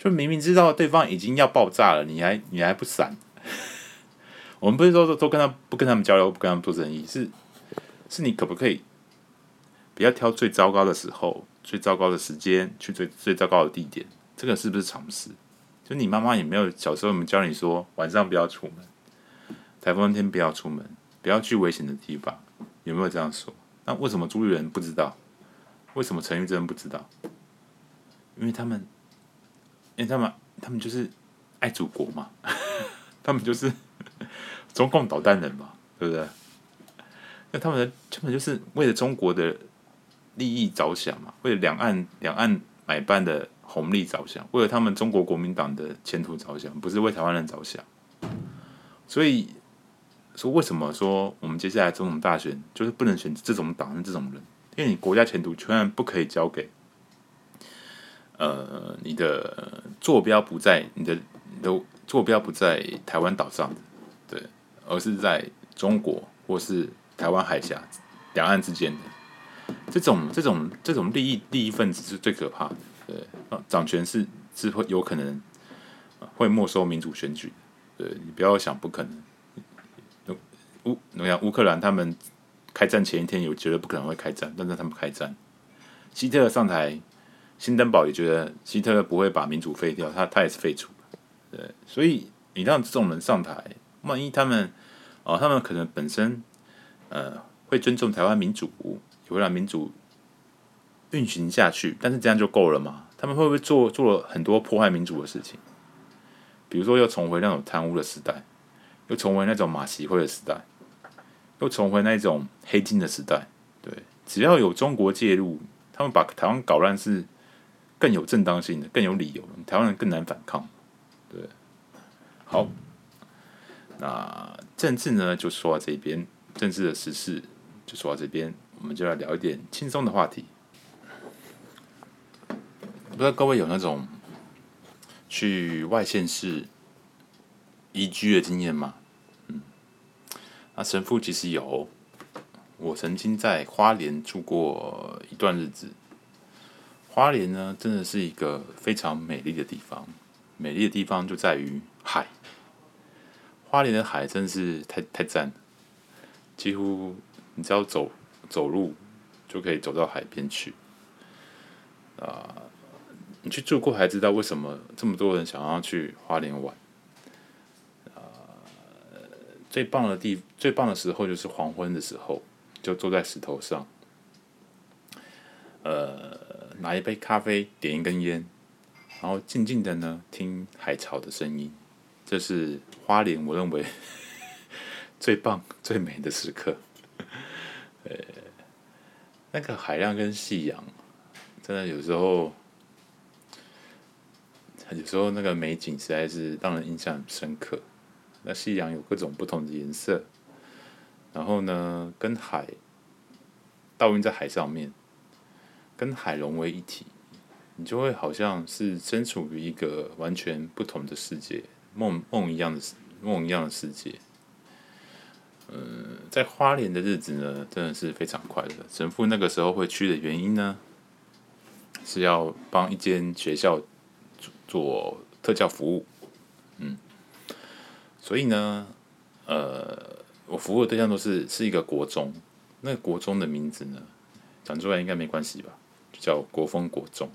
Speaker 1: 就明明知道對方已經要爆炸了，你還你還不閃？ 我們不是說說都跟他不跟他們交流，不跟他們做生意，是是你可不可以不要挑最糟糕的時候、最糟糕的時間去最最糟糕的地點？這個是不是常識？就你媽媽也沒有小時候有沒有教你說，晚上不要出門，台風天不要出門，不要去危險的地方，有沒有這樣說？那為什麼朱立倫不知道？為什麼陳玉珍不知道？因為他們。因為他們他們就是愛祖國嘛，呵呵他們就是呵呵中共搗蛋人嘛，對不對？那他們根本就是為了中國的利益着想嘛，為了兩岸兩岸買辦的紅利着想，為了他們中國國民黨的前途着想，不是為台灣人着想。所以說，為什麼說我們接下來總統大選就是不能選這種黨、這種人？因為你國家前途全然不可以交給。呃，你的、呃、坐標不在你的你的坐標不在台灣島上，對，而是在中國或是，台灣海峽兩岸之間的這種這種這種利益利益分子是最可怕的，對，呃、啊，掌權是是會有可能會沒收民主選舉，對，你不要想不可能，烏我看烏克蘭他們開戰前一天有覺得不可能會開戰，但是他們開戰，希特勒上台。新登堡也覺得希特勒不會把民主廢掉，他他也是廢除，對，所以你讓這種人上台，萬一他們、呃、他們可能本身呃會尊重台灣民主，也會讓民主運行下去，但是這樣就夠了嘛？他們會不會做做了很多破壞民主的事情？比如說又重回那種貪污的時代，又重回那種馬習會的時代，又重回那種黑金的時代？對，只要有中國介入，他們把台灣搞亂是。更有正當性的，更有理由，台灣人更難反抗。對，好，那政治呢，就說到這邊，政治的時事就說到這邊，我們就來聊一點輕鬆的話題。不知道各位有那種去外縣市移居的經驗嗎？嗯，啊，神父其實有，我曾經在花蓮住過一段日子。花蓮呢，真的是一個非常美麗的地方。美麗的地方就在於海，花蓮的海真的是太太讚了，幾乎你只要走走路就可以走到海邊去。啊、呃，你去住過才知道為什麼這麼多人想要去花蓮玩，呃。最棒的地，最棒的時候就是黃昏的時候，就坐在石頭上，呃。拿一杯咖啡，點一根菸，然後靜靜的呢聽海潮的聲音，這是花蓮我認為呵呵最棒最美的時刻。呃，那個海浪跟夕陽，真的有時候，有時候那個美景實在是讓人印象很深刻。那夕陽有各種不同的顏色，然後呢跟海，倒映在海上面。跟海融為一體，你就會好像是身處於一個完全不同的世界，夢夢一樣的夢一樣的世界。嗯、呃，在花蓮的日子呢，真的是非常快樂。神父那個時候會去的原因呢，是要幫一間學校做，做特教服務。嗯，所以呢，呃，我服務的對象都是是一個國中，那國中的名字呢，講出來應該沒關係吧？叫國風國中，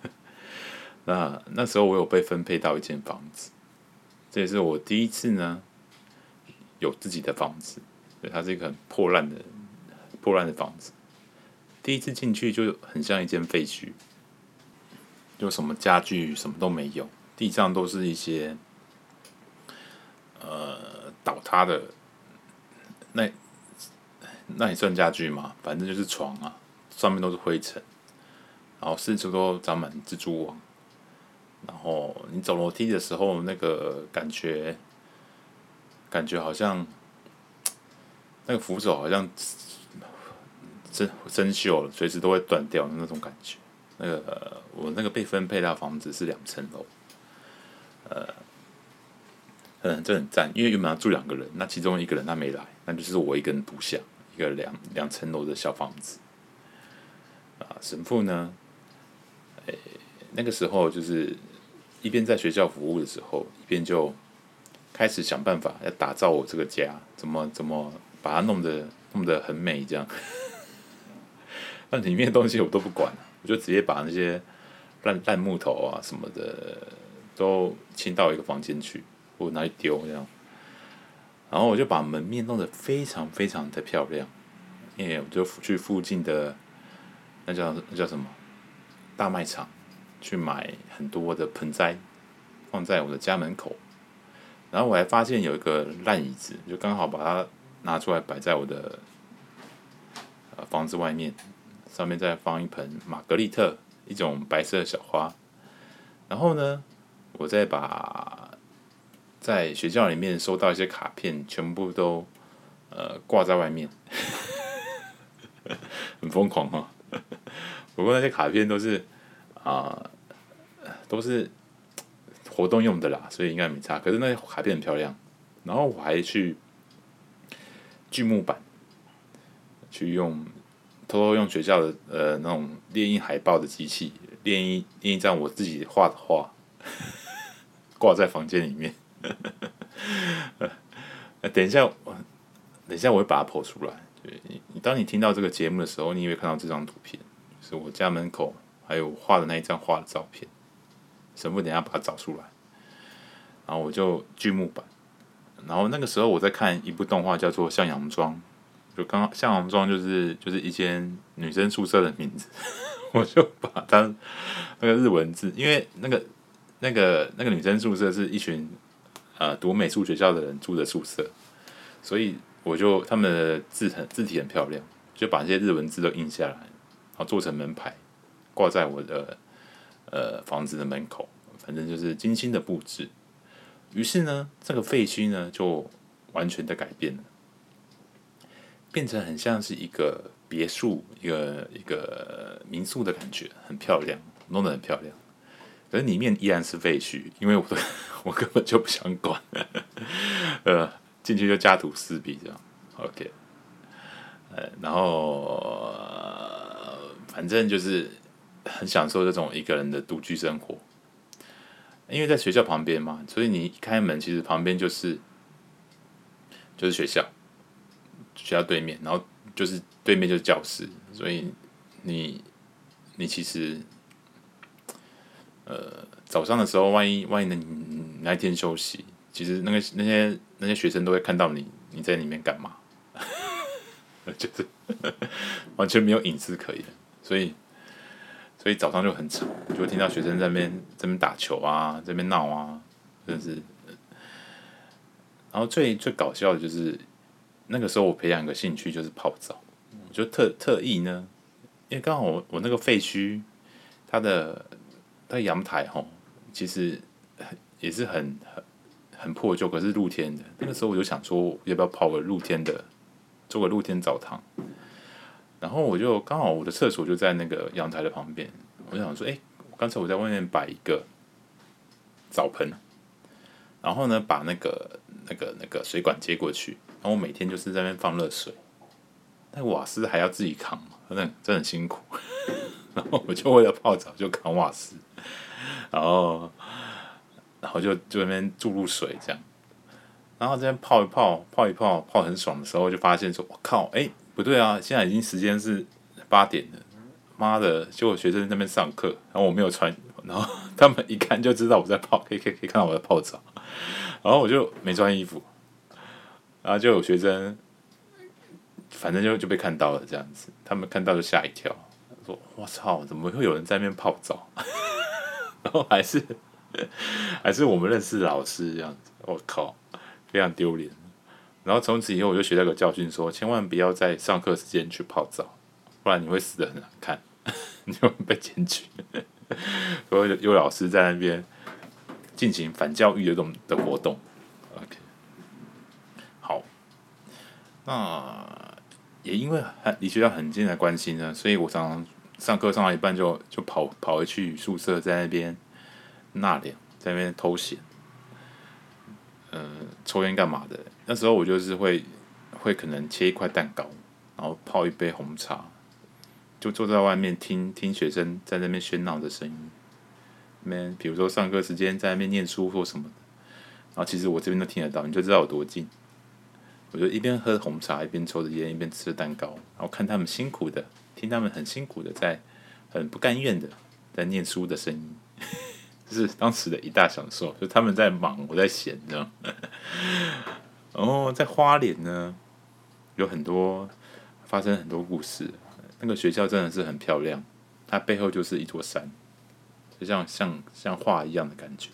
Speaker 1: 那那時候我有被分配到一間房子，這也是我第一次呢有自己的房子，所以它是一個很破爛的破爛的房子。第一次進去就很像一間廢墟，就什麼家具什麼都沒有，地上都是一些呃倒塌的。那那也算家具嗎？反正就是床啊。上面都是灰塵，然後四處都長滿蜘蛛網，然後你走樓梯的時候，那個感覺，感覺好像那個扶手好像生生鏽了，隨時都會斷掉的那種感覺。那個我那個被分配的房子是兩層樓，呃，嗯，這很讚，因為原本要住兩個人，那其中一個人他沒來，那就是我一個人獨享一個兩兩層樓的小房子。啊，神父呢？欸，那個時候就是一邊在學校服務的時候，一邊就開始想辦法要打造我這個家，怎麼怎麼把它弄得弄得很美，這樣。那 裡面的東西我都不管，我就直接把那些爛爛木頭啊什麼的都清到一個房間去，我拿去丟這樣。然後我就把門面弄得非常非常的漂亮，因為我就去附近的。那叫那叫什麼？大賣場去買很多的盆栽，放在我的家門口。然後我還發現有一個爛椅子，就剛好把它拿出來擺在我的、呃、房子外面，上面再放一盆瑪格麗特，一種白色的小花。然後呢，我再把在學校裡面收到一些卡片，全部都呃掛在外面， 很瘋狂啊、哦！ 不過那些卡片都是啊、呃，都是活動用的啦，所以應該沒差。可是那些卡片很漂亮，然後我還去鋸木板，去用偷偷用學校的呃那種列印海報的機器列印列印一張我自己畫的畫呵呵，掛在房間裡面。呵呵呃、等一下，等一下，我會把它剖出來。你你，當你聽到這個節目的時候，你也會看到這張圖片，就是我家門口還有畫的那一張畫的照片。神父，等一下把它找出來，然後我就鋸木板。然後那個時候我在看一部動畫，叫做《向陽莊》，就剛剛《向陽莊》就是就是一間女生宿舍的名字。我就把它那個日文字，因為那個那個那個女生宿舍是一群呃讀美術學校的人住的宿舍，所以。我就他們的字很字體很漂亮，就把這些日文字都印下來，然後做成門牌，掛在我的呃房子的門口，反正就是精心的布置。於是呢，這個廢墟呢就完全的改變了，變成很像是一個別墅，一個一個民宿的感覺，很漂亮，弄得很漂亮。可是裡面依然是廢墟，因為我我根本就不想管，呵呵，呃。進去就家徒四壁這樣，OK，然後、呃、反正就是很享受這種一個人的獨居生活，因為在學校旁邊嘛，所以你一開門，其實旁邊就是就是學校，學校對面，然後就是對面就是教室，所以你你其實呃早上的時候萬，萬一萬一呢，哪天休息。其實那個那些那些學生都會看到你你在裡面幹嘛， 就是完全沒有隱私可以的，所以所以早上就很吵，就會聽到學生在那邊在那邊打球啊，在那邊鬧啊，就是，然後最最搞笑的就是那個時候我培養一個興趣就是泡澡，我就特特意呢，因為剛好我我那個廢墟它的它陽台吼，其實也是很很。很破舊，可是露天的。那個時候我就想說，要不要泡個露天的，做個露天澡堂。然後我就剛好我的廁所就在那個陽台的旁邊，我就想說，哎、欸，剛才我在外面擺一個澡盆，然後呢，把那個那個那個水管接過去，然後我每天就是在那邊放熱水。但瓦斯還要自己扛，很真的很辛苦。 然後我就為了泡澡就扛瓦斯， 然後。然後就就那邊注入水這樣，然後這邊泡一泡，泡一泡，泡很爽的時候，就發現說：“我靠，哎、欸，不對啊，現在已經時間是八點了，媽的！”就有學生在那邊上課，然後我沒有穿，然後他們一看就知道我在泡，可以可以可以看到我在泡澡，然後我就沒穿衣服，然後就有學生，反正就就被看到了這樣子，他們看到就嚇一跳，說：“我操，怎麼會有人在那邊泡澡？”然後還是。還是我們認識的老師這樣子，我、哦、靠，非常丟臉。然後從此以後，我就學到個教訓說，說千萬不要在上課時間去泡澡，不然你會死得很難看呵呵，你會被檢舉。呵呵，所以有，有老師在那邊進行反教育的這種的活動。OK，好，那也因為還離學校很近的關係呢，所以我常常上課上到一半就就跑跑回去宿舍，在那邊。納涼，在那邊偷閒，呃，抽烟幹嘛的？那時候我就是會會可能切一塊蛋糕，然後泡一杯紅茶，就坐在外面聽聽學生在那邊喧鬧的聲音。m 比如說上課時間在那邊念書或什麼，然後其實我這邊都聽得到，你就知道有多近。我就一邊喝紅茶，一邊抽着煙，一邊吃著蛋糕，然後看他們辛苦的，聽他們很辛苦的在很不甘願的在念書的聲音。是當時的一大享受，就他們在忙，我在閒着 然後在花蓮呢，有很多發生很多故事。那個學校真的是很漂亮，它背後就是一座山，就像像像畫一樣的感覺。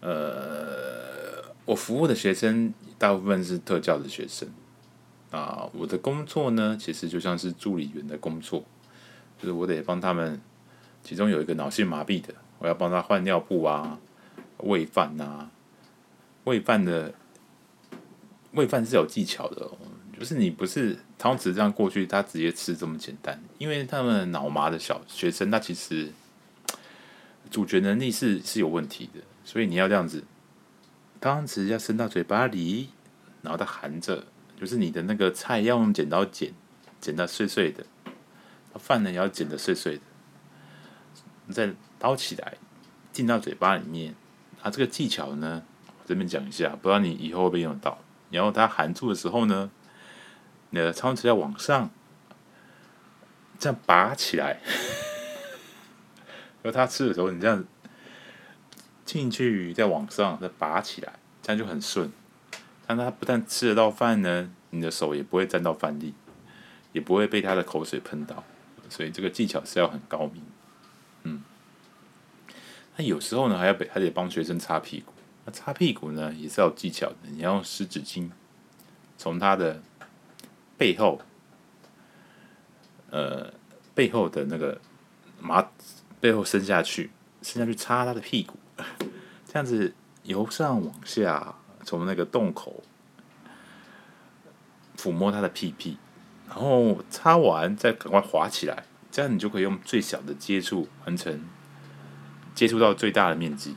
Speaker 1: 呃，我服務的學生大部分是特教的學生啊，我的工作呢，其實就像是助理員的工作，就是我得幫他們。其中有一個腦性麻痹的，我要幫他換尿布啊，餵飯吶。餵飯的，餵飯是有技巧的哦，就是你不是湯匙這樣過去，他直接吃這麼簡單。因為他們腦麻的小學生，他其實咀嚼能力是是有問題的，所以你要這樣子，湯匙要伸到嘴巴裡，然後他含着，就是你的那個菜要用剪刀剪，剪到碎碎的，飯呢也要剪得碎碎的，再包起來，進到嘴巴裡面。啊，這個技巧呢，我這邊講一下，不知道你以後會不會用得到。然後它含住的時候呢，你的湯匙要往上，這樣拔起來。然 後它吃的時候，你這樣進去，再往上再拔起來，這樣就很順。但它不但吃得到飯呢，你的手也不會沾到飯粒，也不會被它的口水噴到。所以這個技巧是要很高明。那有時候呢，還要被還得幫學生擦屁股。那擦屁股呢，也是有技巧的。你要用濕紙巾從他的背後，呃，背後的那個麻背後伸下去，伸下去擦他的屁股。這樣子由上往下，從那個洞口撫摸他的屁屁，然後擦完再趕快滑起來，這樣你就可以用最小的接觸完成。接觸到最大的面積，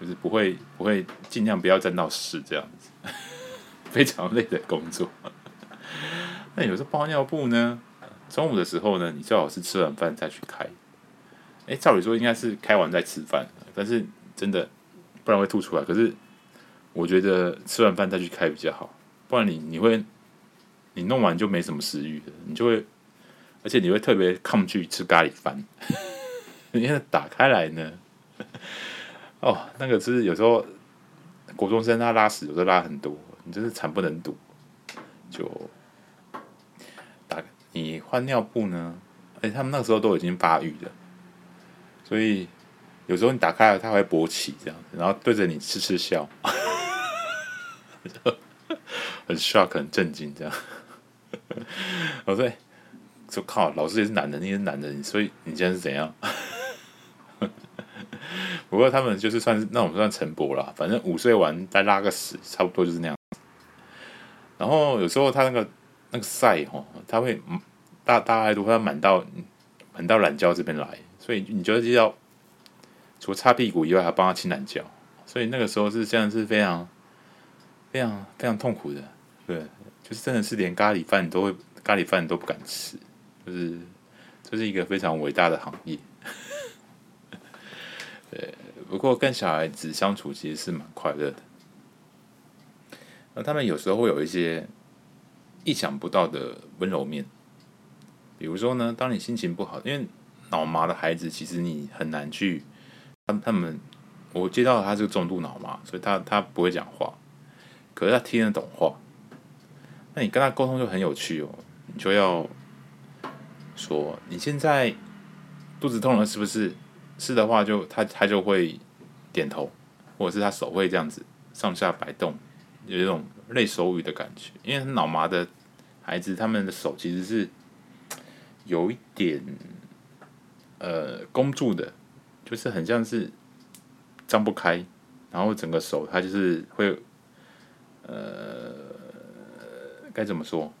Speaker 1: 就是不會不會，盡量不要沾到屎這樣子， 非常累的工作。 那有時候包尿布呢，中午的時候呢，你最好是吃完飯再去開。欸，照理說應該是開完再吃飯，但是真的，不然會吐出來。可是我覺得吃完飯再去開比較好，不然你你會你弄完就沒什麼食欲了，你就會，而且你會特別抗拒吃咖喱飯。 因為打開來呢。哦，那個是有時候國中生他拉屎，有時候拉很多，你就是慘不忍睹。就打你換尿布呢，而、欸、他們那個時候都已經發育了，所以有時候你打開了，他會勃起這樣，然後對着你痴痴笑， 很 shock 很震驚這樣。我對說靠，老師也是男的，你也是男的，所以你現在是怎樣？不過他們就是算那種算晨勃啦，反正午睡完再拉個屎，差不多就是那樣。然後有時候他那個那個塞哦，他會大大概都會滿到滿到懶覺這邊來，所以你就要除擦屁股以外，還幫他清懶覺。所以那個時候是這樣，是非常非常非常痛苦的，對，就是真的是連咖喱飯都會咖喱飯都不敢吃，就是這，就是一個非常偉大的行業， 對。不過跟小孩子相處其實是蠻快樂的，那他們有時候會有一些意想不到的溫柔面，比如說呢，當你心情不好，因為腦麻的孩子其實你很難去他，他們，我接到他是個重度腦麻，所以他他不會講話，可是他聽得懂話，那你跟他溝通就很有趣哦，你就要說你現在肚子痛了是不是？是的話就他他就會。點頭，或者是他手會這樣子上下擺動，有一種類手語的感覺。因為腦麻的孩子，他們的手其實是有一點呃弓住的，就是很像是張不開，然後整個手他就是會呃該怎麼說，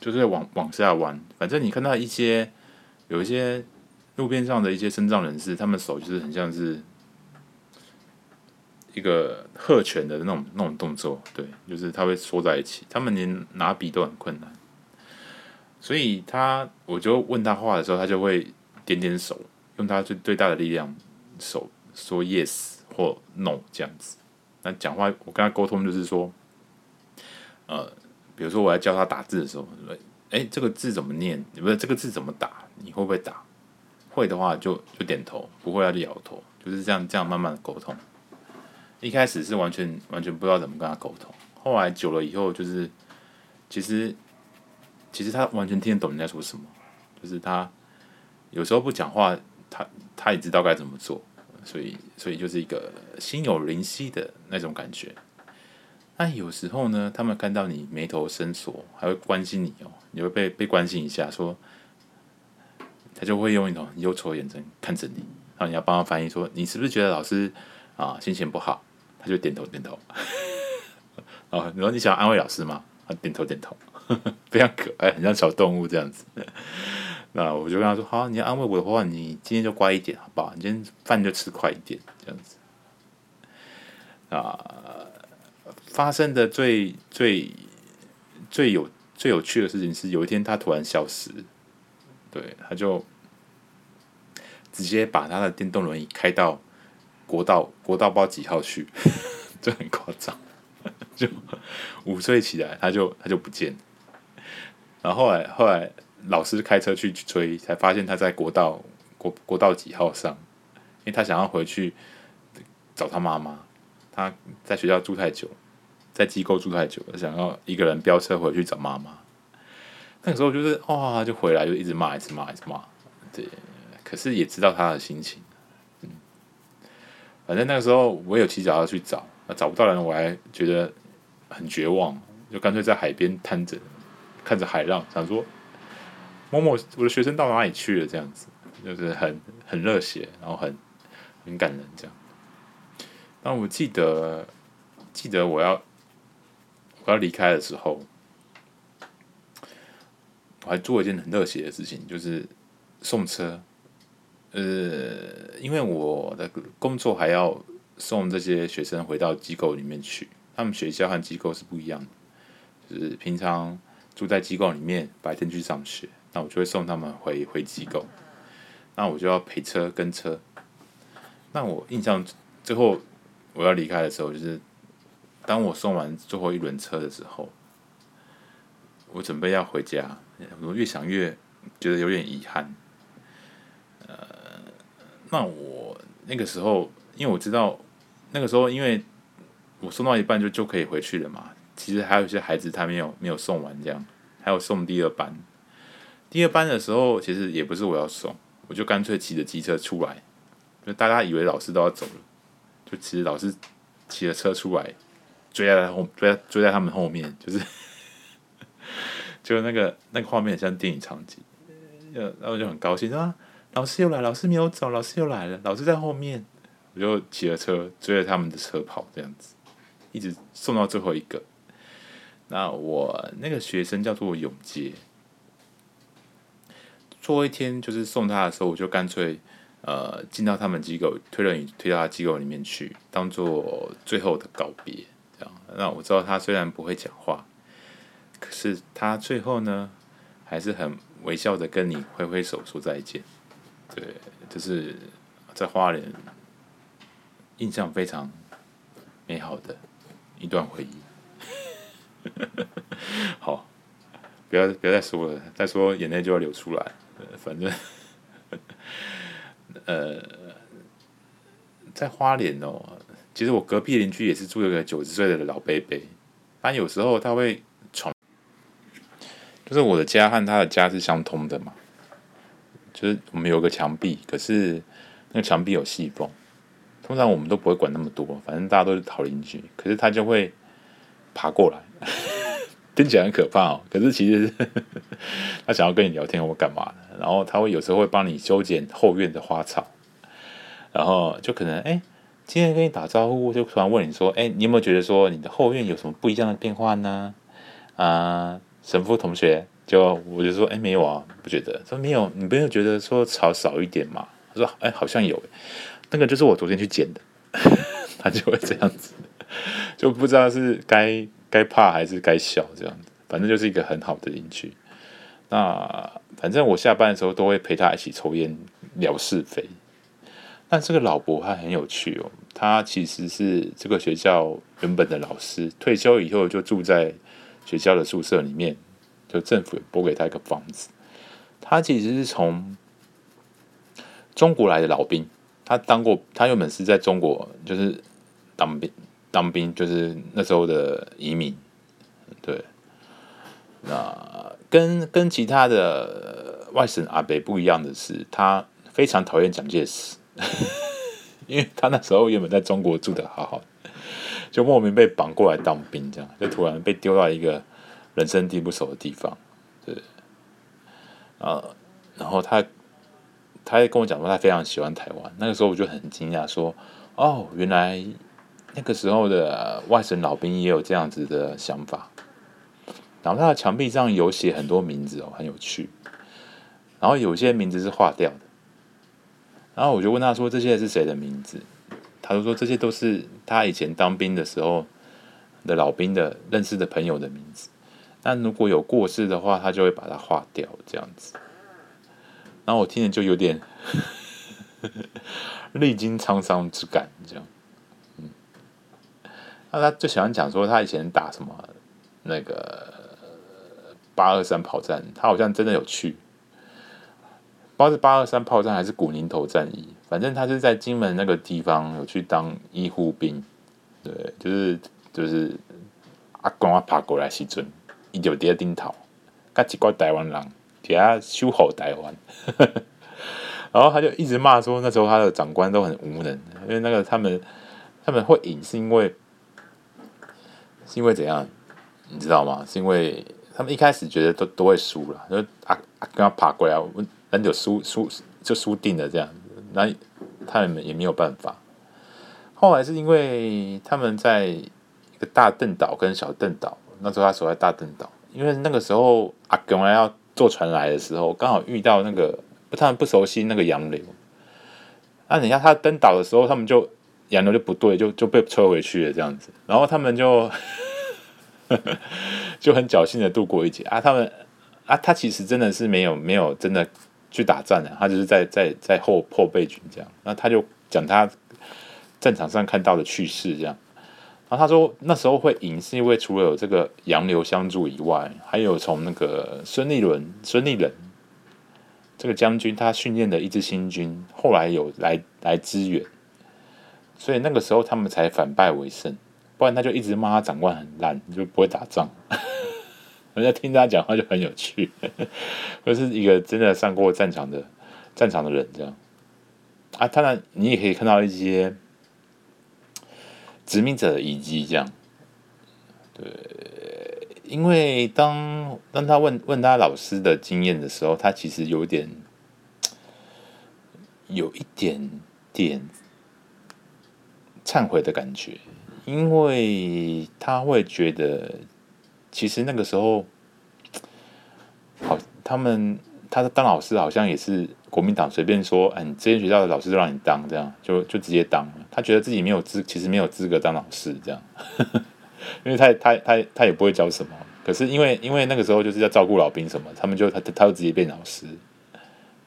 Speaker 1: 就是會往往下彎。反正你看到一些有一些路邊上的一些身障人士，他們手就是很像是。一個鶴拳的那種那種動作，對，就是他會縮在一起，他們連拿筆都很困難，所以他，我就問他話的時候，他就會點點手，用他最最大的力量手說 yes 或 no 這樣子。那講話，我跟他溝通就是說，呃，比如說我要教他打字的時候，哎、欸，這個字怎麼念？不是這個字怎麼打？你會不會打？會的話就就點頭，不會他就搖頭，就是這樣這樣慢慢的溝通。一開始是完全完全不知道怎麼跟他溝通，後來久了以後就是，其實其實他完全聽得懂你在說什麼，就是他有時候不講話，他他也知道該怎麼做，所以所以就是一個心有靈犀的那種感覺。那有時候呢，他們看到你眉頭深鎖，還會關心你哦、喔，你會被被關心一下，說他就會用一種憂愁的眼神看着你，然後你要幫他翻譯說，你是不是覺得老師啊心情不好？他就點頭點頭，啊、哦，你說你想安慰老師嗎？他、啊、點頭點頭，非常可愛，很像小動物這樣子。那我就跟他說：好，你要安慰我的話，你今天就乖一點，好不好？你今天飯就吃快一點，這樣子。啊，發生的最最最有最有趣的事情是，有一天他突然消失，對，他就直接把他的電動輪椅開到。國道國道不知道幾號去，呵呵，就很誇張，就午睡起來他就他就不見，然後後來後來老師開車去追，才發現他在國道國國道幾號上，因為他想要回去找他媽媽，他在學校住太久，在機構住太久了，想要一個人飆車回去找媽媽。那個時候就是哇，就回來就一直罵一直罵一直罵，對，可是也知道他的心情。反正那個時候，我也有騎腳踏去找，找不到人，我還覺得很絕望，就乾脆在海邊攤着，看着海浪，想說某某我的學生到哪裡去了這樣子，就是很很熱血，然後很很感人這樣。當我記得，記得我要我要離開的時候，我還做了一件很熱血的事情，就是送車。呃，因為我的工作還要送這些學生回到機構裡面去，他們學校和機構是不一樣的，就是平常住在機構裡面，白天去上學，那我就會送他們回回機構，那我就要陪車跟車。那我印象最後我要離開的時候，就是當我送完最後一輪車的時候，我準備要回家，我越想越覺得有點遺憾。那我那個時候，因為我知道那個時候，因為我送到一半就就可以回去了嘛。其實還有一些孩子他沒有沒有送完，這樣還有送第二班。第二班的時候，其實也不是我要送，我就乾脆騎着機車出來，就大家以為老師都要走了，就其實老師騎着車出來，追在他後追在追在他們後面，就是， 就那個那個畫面很像電影場景，然後我就很高興啊。老師又來，老師沒有走，老師又來了。老師在後面，我就騎着車追着他們的車跑，這樣子一直送到最後一個。那我那個學生叫做永杰，最後一天就是送他的時候，我就乾脆呃進到他們機構，推了你推到他機構裡面去，當做最後的告別。這樣，那我知道他雖然不會講話，可是他最後呢還是很微笑的跟你揮揮手說再見。對，就是在花蓮印象非常美好的一段回憶。 好，不要不要再說了，再說眼淚就要流出來。反正， 呃，在花蓮哦，其實我隔壁鄰居也是住一個九十歲的老伯伯，但有時候他會闖，就是我的家和他的家是相通的嘛。就是我們有個牆壁，可是那個牆壁有細縫，通常我們都不會管那麼多，反正大家都是好鄰居。可是他就會爬過來呵呵，聽起來很可怕哦。可是其實是呵呵他想要跟你聊天，或幹嘛。然後他會有時候會幫你修剪後院的花草，然後就可能哎，今天跟你打招呼，就突然問你說，哎，你有沒有覺得說你的後院有什麼不一樣的變化呢？啊、呃，神父同學。就我就說，哎、欸，沒有啊，不覺得。說沒有，你不要覺得說炒少一點嗎？他說，哎、欸，好像有。那個就是我昨天去撿的， 他就會這樣子，就不知道是該該怕還是該笑這樣子。反正就是一個很好的鄰居。那反正我下班的時候都會陪他一起抽菸，聊是非。那這個老伯他很有趣哦，他其實是這個學校原本的老師，退休以後就住在學校的宿舍裡面。就政府撥給他一個房子，他其實是從中國來的老兵，他當過，他原本是在中國就是當兵，當兵就是那時候的移民，對。那跟跟其他的外省阿北不一樣的是，他非常討厭蔣介石，因為他那時候原本在中國住的好好，就莫名被綁過來當兵，這樣就突然被丟到一個。人生地不熟的地方，對，然後，然後他，他也跟我講說，他非常喜歡台灣。那個時候我就很驚訝，說：“哦，原來那個時候的外省老兵也有這樣子的想法。”然後他的牆壁上有寫很多名字哦，很有趣。然後有些名字是劃掉的，然後我就問他說：“這些是誰的名字？”他就說：“這些都是他以前當兵的時候的老兵的、認識的朋友的名字。”但如果有過世的話，他就會把它劃掉，這樣子。然後我聽着就有點歷經滄桑之感，這樣。嗯，那他最喜歡講說，他以前打什麼那個八二三炮戰，他好像真的有去，不知道是八二三炮戰還是古寧頭戰役，反正他是在金門那個地方有去當醫護兵，對，就是就是阿公阿爸過來時陣。一直在頂頭，他一個台灣人，底他守護台灣， 然後他就一直罵說，那時候他的長官都很無能，因為那個他們他們會贏，是因為是因為怎樣，你知道嗎？是因為他們一開始覺得都都會輸，啊啊，了，說啊啊，跟他爬過來，我們就輸輸就輸定了這樣，那他們也沒有辦法。後來是因為他們在一個大嶝島跟小嶝島。那時候他守在大嶝島，因為那個時候阿共們，要坐船來的時候，剛好遇到那個他們不熟悉那個洋流，那、啊、等一下他登島的時候，他們就洋流就不對，就就被吹回去了這樣子。然後他們就 就很僥倖的度過一劫啊。他們啊，他其實真的是沒有沒有真的去打仗的，啊，他就是在在在後後備軍這樣。那、啊、他就講他戰場上看到的趣事這樣。啊、他說那時候會贏，是因為除了有這個洋流相助以外，還有從那個孫立倫、孫立人這個將軍，他訓練的一支新軍，後來有來來支援，所以那個時候他們才反敗為勝。不然他就一直罵他長官很爛，就不會打仗。 人家聽他講話就很有趣， 不是一個真的上過戰場的戰場的人這樣。啊，當然你也可以看到一些。殖民者的遺跡，這樣，對，因為當當他問問他老師的經驗的時候，他其實有點有一點點懺悔的感覺，因為他會覺得，其實那個時候，好，他們他的當老師好像也是國民黨隨便說，嗯，這些學校的老師都讓你當，這樣就就直接當了。他覺得自己沒有資，其實沒有資格當老師，這樣呵呵，因為他他他他也不會教什麼。可是因為因為那個時候就是要照顧老兵什麼，他們就他他就直接變老師，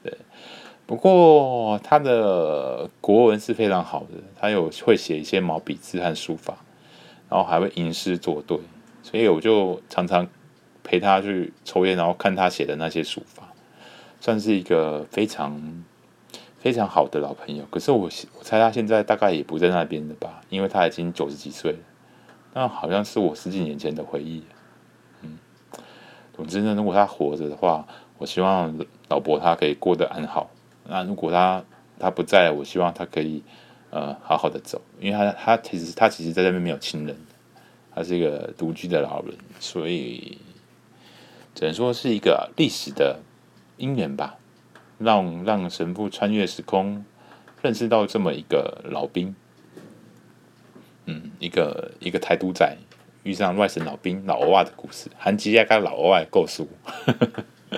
Speaker 1: 對。不過他的國文是非常好的，他有會寫一些毛筆字和書法，然後還會吟詩作對，所以我就常常陪他去抽煙，然後看他寫的那些書法，算是一個非常。非常好的老朋友，可是我我猜他現在大概也不在那邊了吧，因為他已經九十幾歲了。那好像是我十幾年前的回憶。嗯，總之呢，如果他活着的話，我希望老伯他可以過得安好。那如果他他不在，我希望他可以呃好好的走，因為他他其實他其實在那邊沒有親人，他是一個獨居的老人，所以只能說是一個歷史的姻緣吧。讓讓神父穿越時空，認識到這麼一個老兵，嗯，一個一個台獨仔遇上外省老兵老芋仔的故事，蕃薯仔跟老芋仔的故事，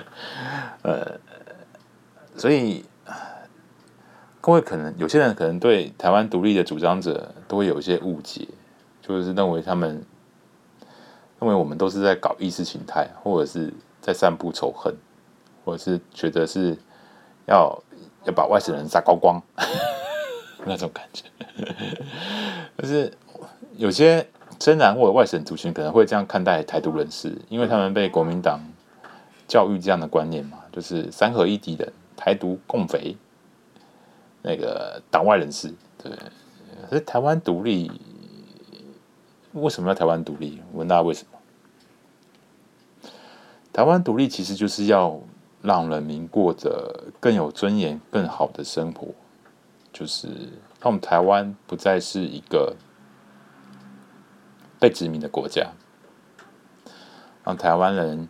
Speaker 1: 呃，所以各位可能有些人可能對台灣獨立的主張者都會有一些誤解，就是認為他們認為我們都是在搞意識形態，或者是在散布仇恨，或者是覺得是。要要把外省人殺高光， 那種感覺， 就是有些深藍或者外省族群可能會這樣看待台獨人士，因為他們被國民黨教育這樣的觀念嘛，就是三合一敵人、台獨、共匪，那個黨外人士，對，所以台灣獨立，為什麼要台灣獨立？我問大家為什麼？台灣獨立其實就是要。讓人民過着更有尊嚴、更好的生活，就是讓我們台灣不再是一個被殖民的國家，讓台灣人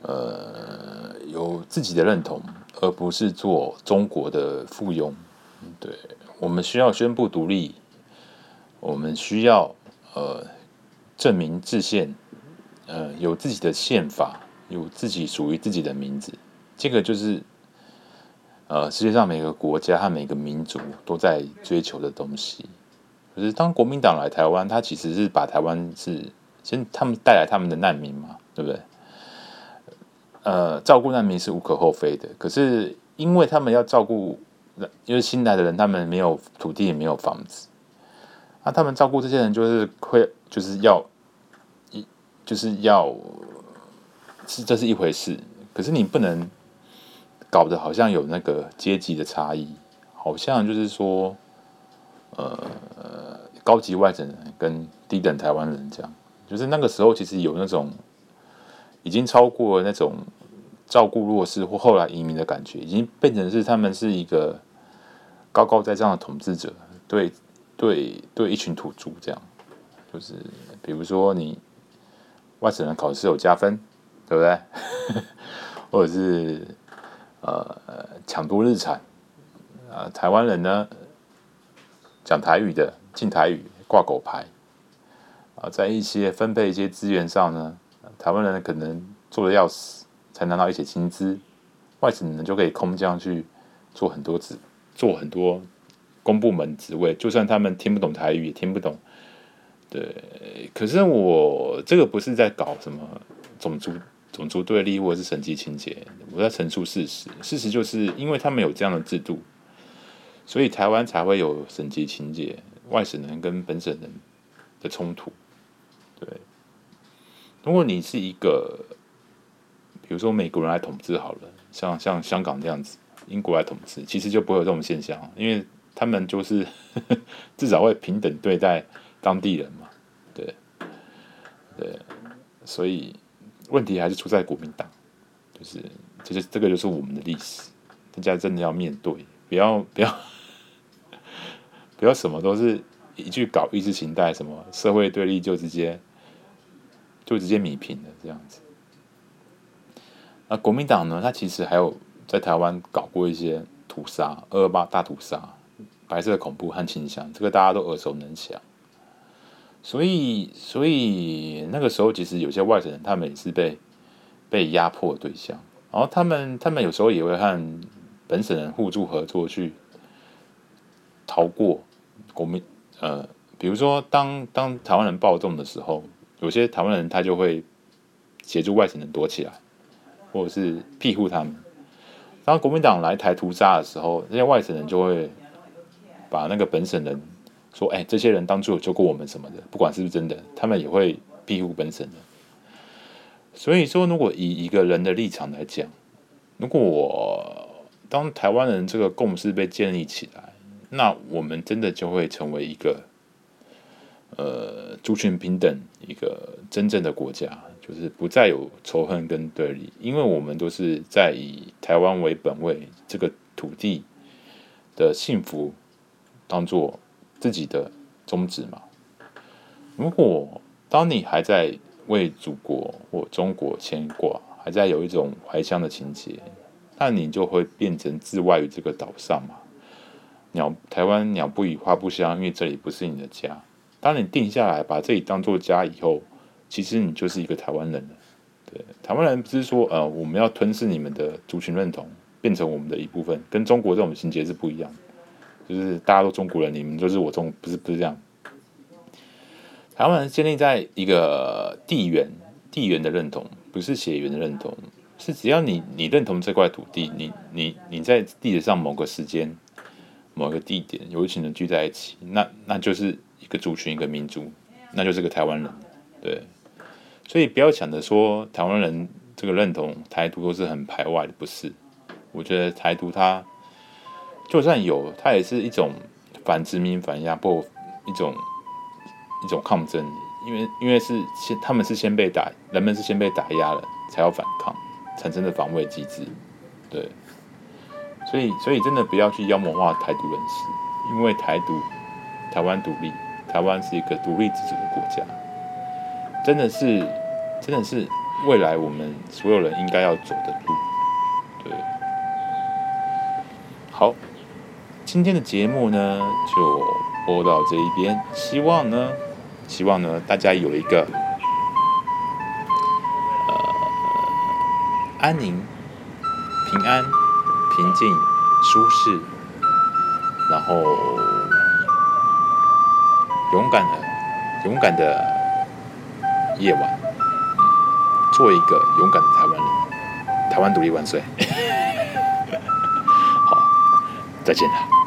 Speaker 1: 呃有自己的認同，而不是做中國的附庸。對，我們需要宣布獨立，我們需要呃正名制憲，呃有自己的憲法，有自己屬於自己的名字。這個就是，呃，世界上每個國家和每個民族都在追求的東西。可、就是，當國民黨來台灣，他其實是把台灣是先他們帶來他們的難民嘛，對不對？呃，照顧難民是無可厚非的。可是，因為他們要照顧，因為新來的人，他們沒有土地，也沒有房子。那、啊、他們照顧這些人，就是會，就是要，一就是要，是這、就是一回事。可是你不能。搞得好像有那個階級的差異，好像就是說，呃，高級外省人跟低等台灣人這樣，就是那個時候其實有那種，已經超過那種照顧弱勢或後來移民的感覺，已經變成是他們是一個高高在上的統治者，對對對，對對一群土著這樣，就是比如說你外省人考試有加分，對不對？ 或者是。呃，搶奪日產，啊、呃，台灣人呢講台語，的禁台語掛狗牌，啊、呃，在一些分配一些資源上呢，台灣人可能做得要死，才拿到一些薪資，外省人就可以空降去做很多職，做很多公部門職位，就算他們聽不懂台語也聽不懂，對，可是我這個不是在搞什麼種族。種族對立或者是省籍情結，我在陳述事實。事實就是，因為他們有這樣的制度，所以台灣才會有省籍情結，外省人跟本省人的衝突。對，如果你是一個，比如說美國人來統治好了，像像香港這樣子，英國來統治，其實就不會有這種現象，因為他們就是呵呵至少會平等對待當地人嘛。對，對，所以。問題還是出在國民黨，就是、這個、就是這個就是我們的歷史，大家真的要面對，不要不要 不要什麼都是一句搞意識形態，什麼社會對立就直接就直接泯平了這樣子。那國民黨呢，它其實還有在台灣搞過一些屠殺，二二八大屠殺、白色的恐怖和清鄉，這個大家都耳熟能詳。所以，所以那個時候，其實有些外省人他們也是被被壓迫對象，然後他們他們有時候也會和本省人互助合作去逃過國民呃，比如說當當台灣人暴動的時候，有些台灣人他就會協助外省人躲起來，或者是庇護他們。當國民黨來台屠殺的時候，那些外省人就會把那個本省人。說：“哎、欸，這些人當初有救過我們什麼的？不管是不是真的，他們也會庇護本省的。所以說，如果以一個人的立場來講，如果我當台灣人，這個共識被建立起來，那我們真的就會成為一個呃族群平等一個真正的國家，就是不再有仇恨跟對立，因為我們都是在以台灣為本位，這個土地的幸福當作。”自己的宗旨嘛？如果當你還在為祖國或中國牽掛，還在有一種懷鄉的情節，那你就會變成自外於這個島上嘛？鳥台灣鳥不語，花不香，因為這裡不是你的家。當你定下來把這裡當做家以後，其實你就是一個台灣人了。對，台灣人不是說呃我們要吞噬你們的族群認同，變成我們的一部分，跟中國這種情節是不一樣的。就是大家都中國人，你們就是我中，不是不是這樣。台灣人建立在一個地緣、地緣的認同，不是血緣的認同。是只要你你認同這塊土地，你你你在地鐵上某個時間、某個地點有一群人聚在一起，那那就是一個族群、一個民族，那就是個台灣人。對，所以不要想着說台灣人這個認同台獨都是很排外的，不是？我覺得台獨他。就算有，它也是一種反殖民反壓迫，一種一種抗爭，因為因為是先他們是先被打，人們是先被打壓了，才要反抗，產生的防衛機制，對，所以所以真的不要去妖魔化台獨人士，因為台獨台灣獨立，台灣是一個獨立自主的國家，真的是真的是未來我們所有人應該要走的路，對，好。今天的節目呢，就播到這一邊。希望呢，希望呢，大家有一個呃安寧、平安、平靜、舒適，然後勇敢的、勇敢的夜晚，做一個勇敢的台灣人，台灣獨立萬歲！ 好，再見了。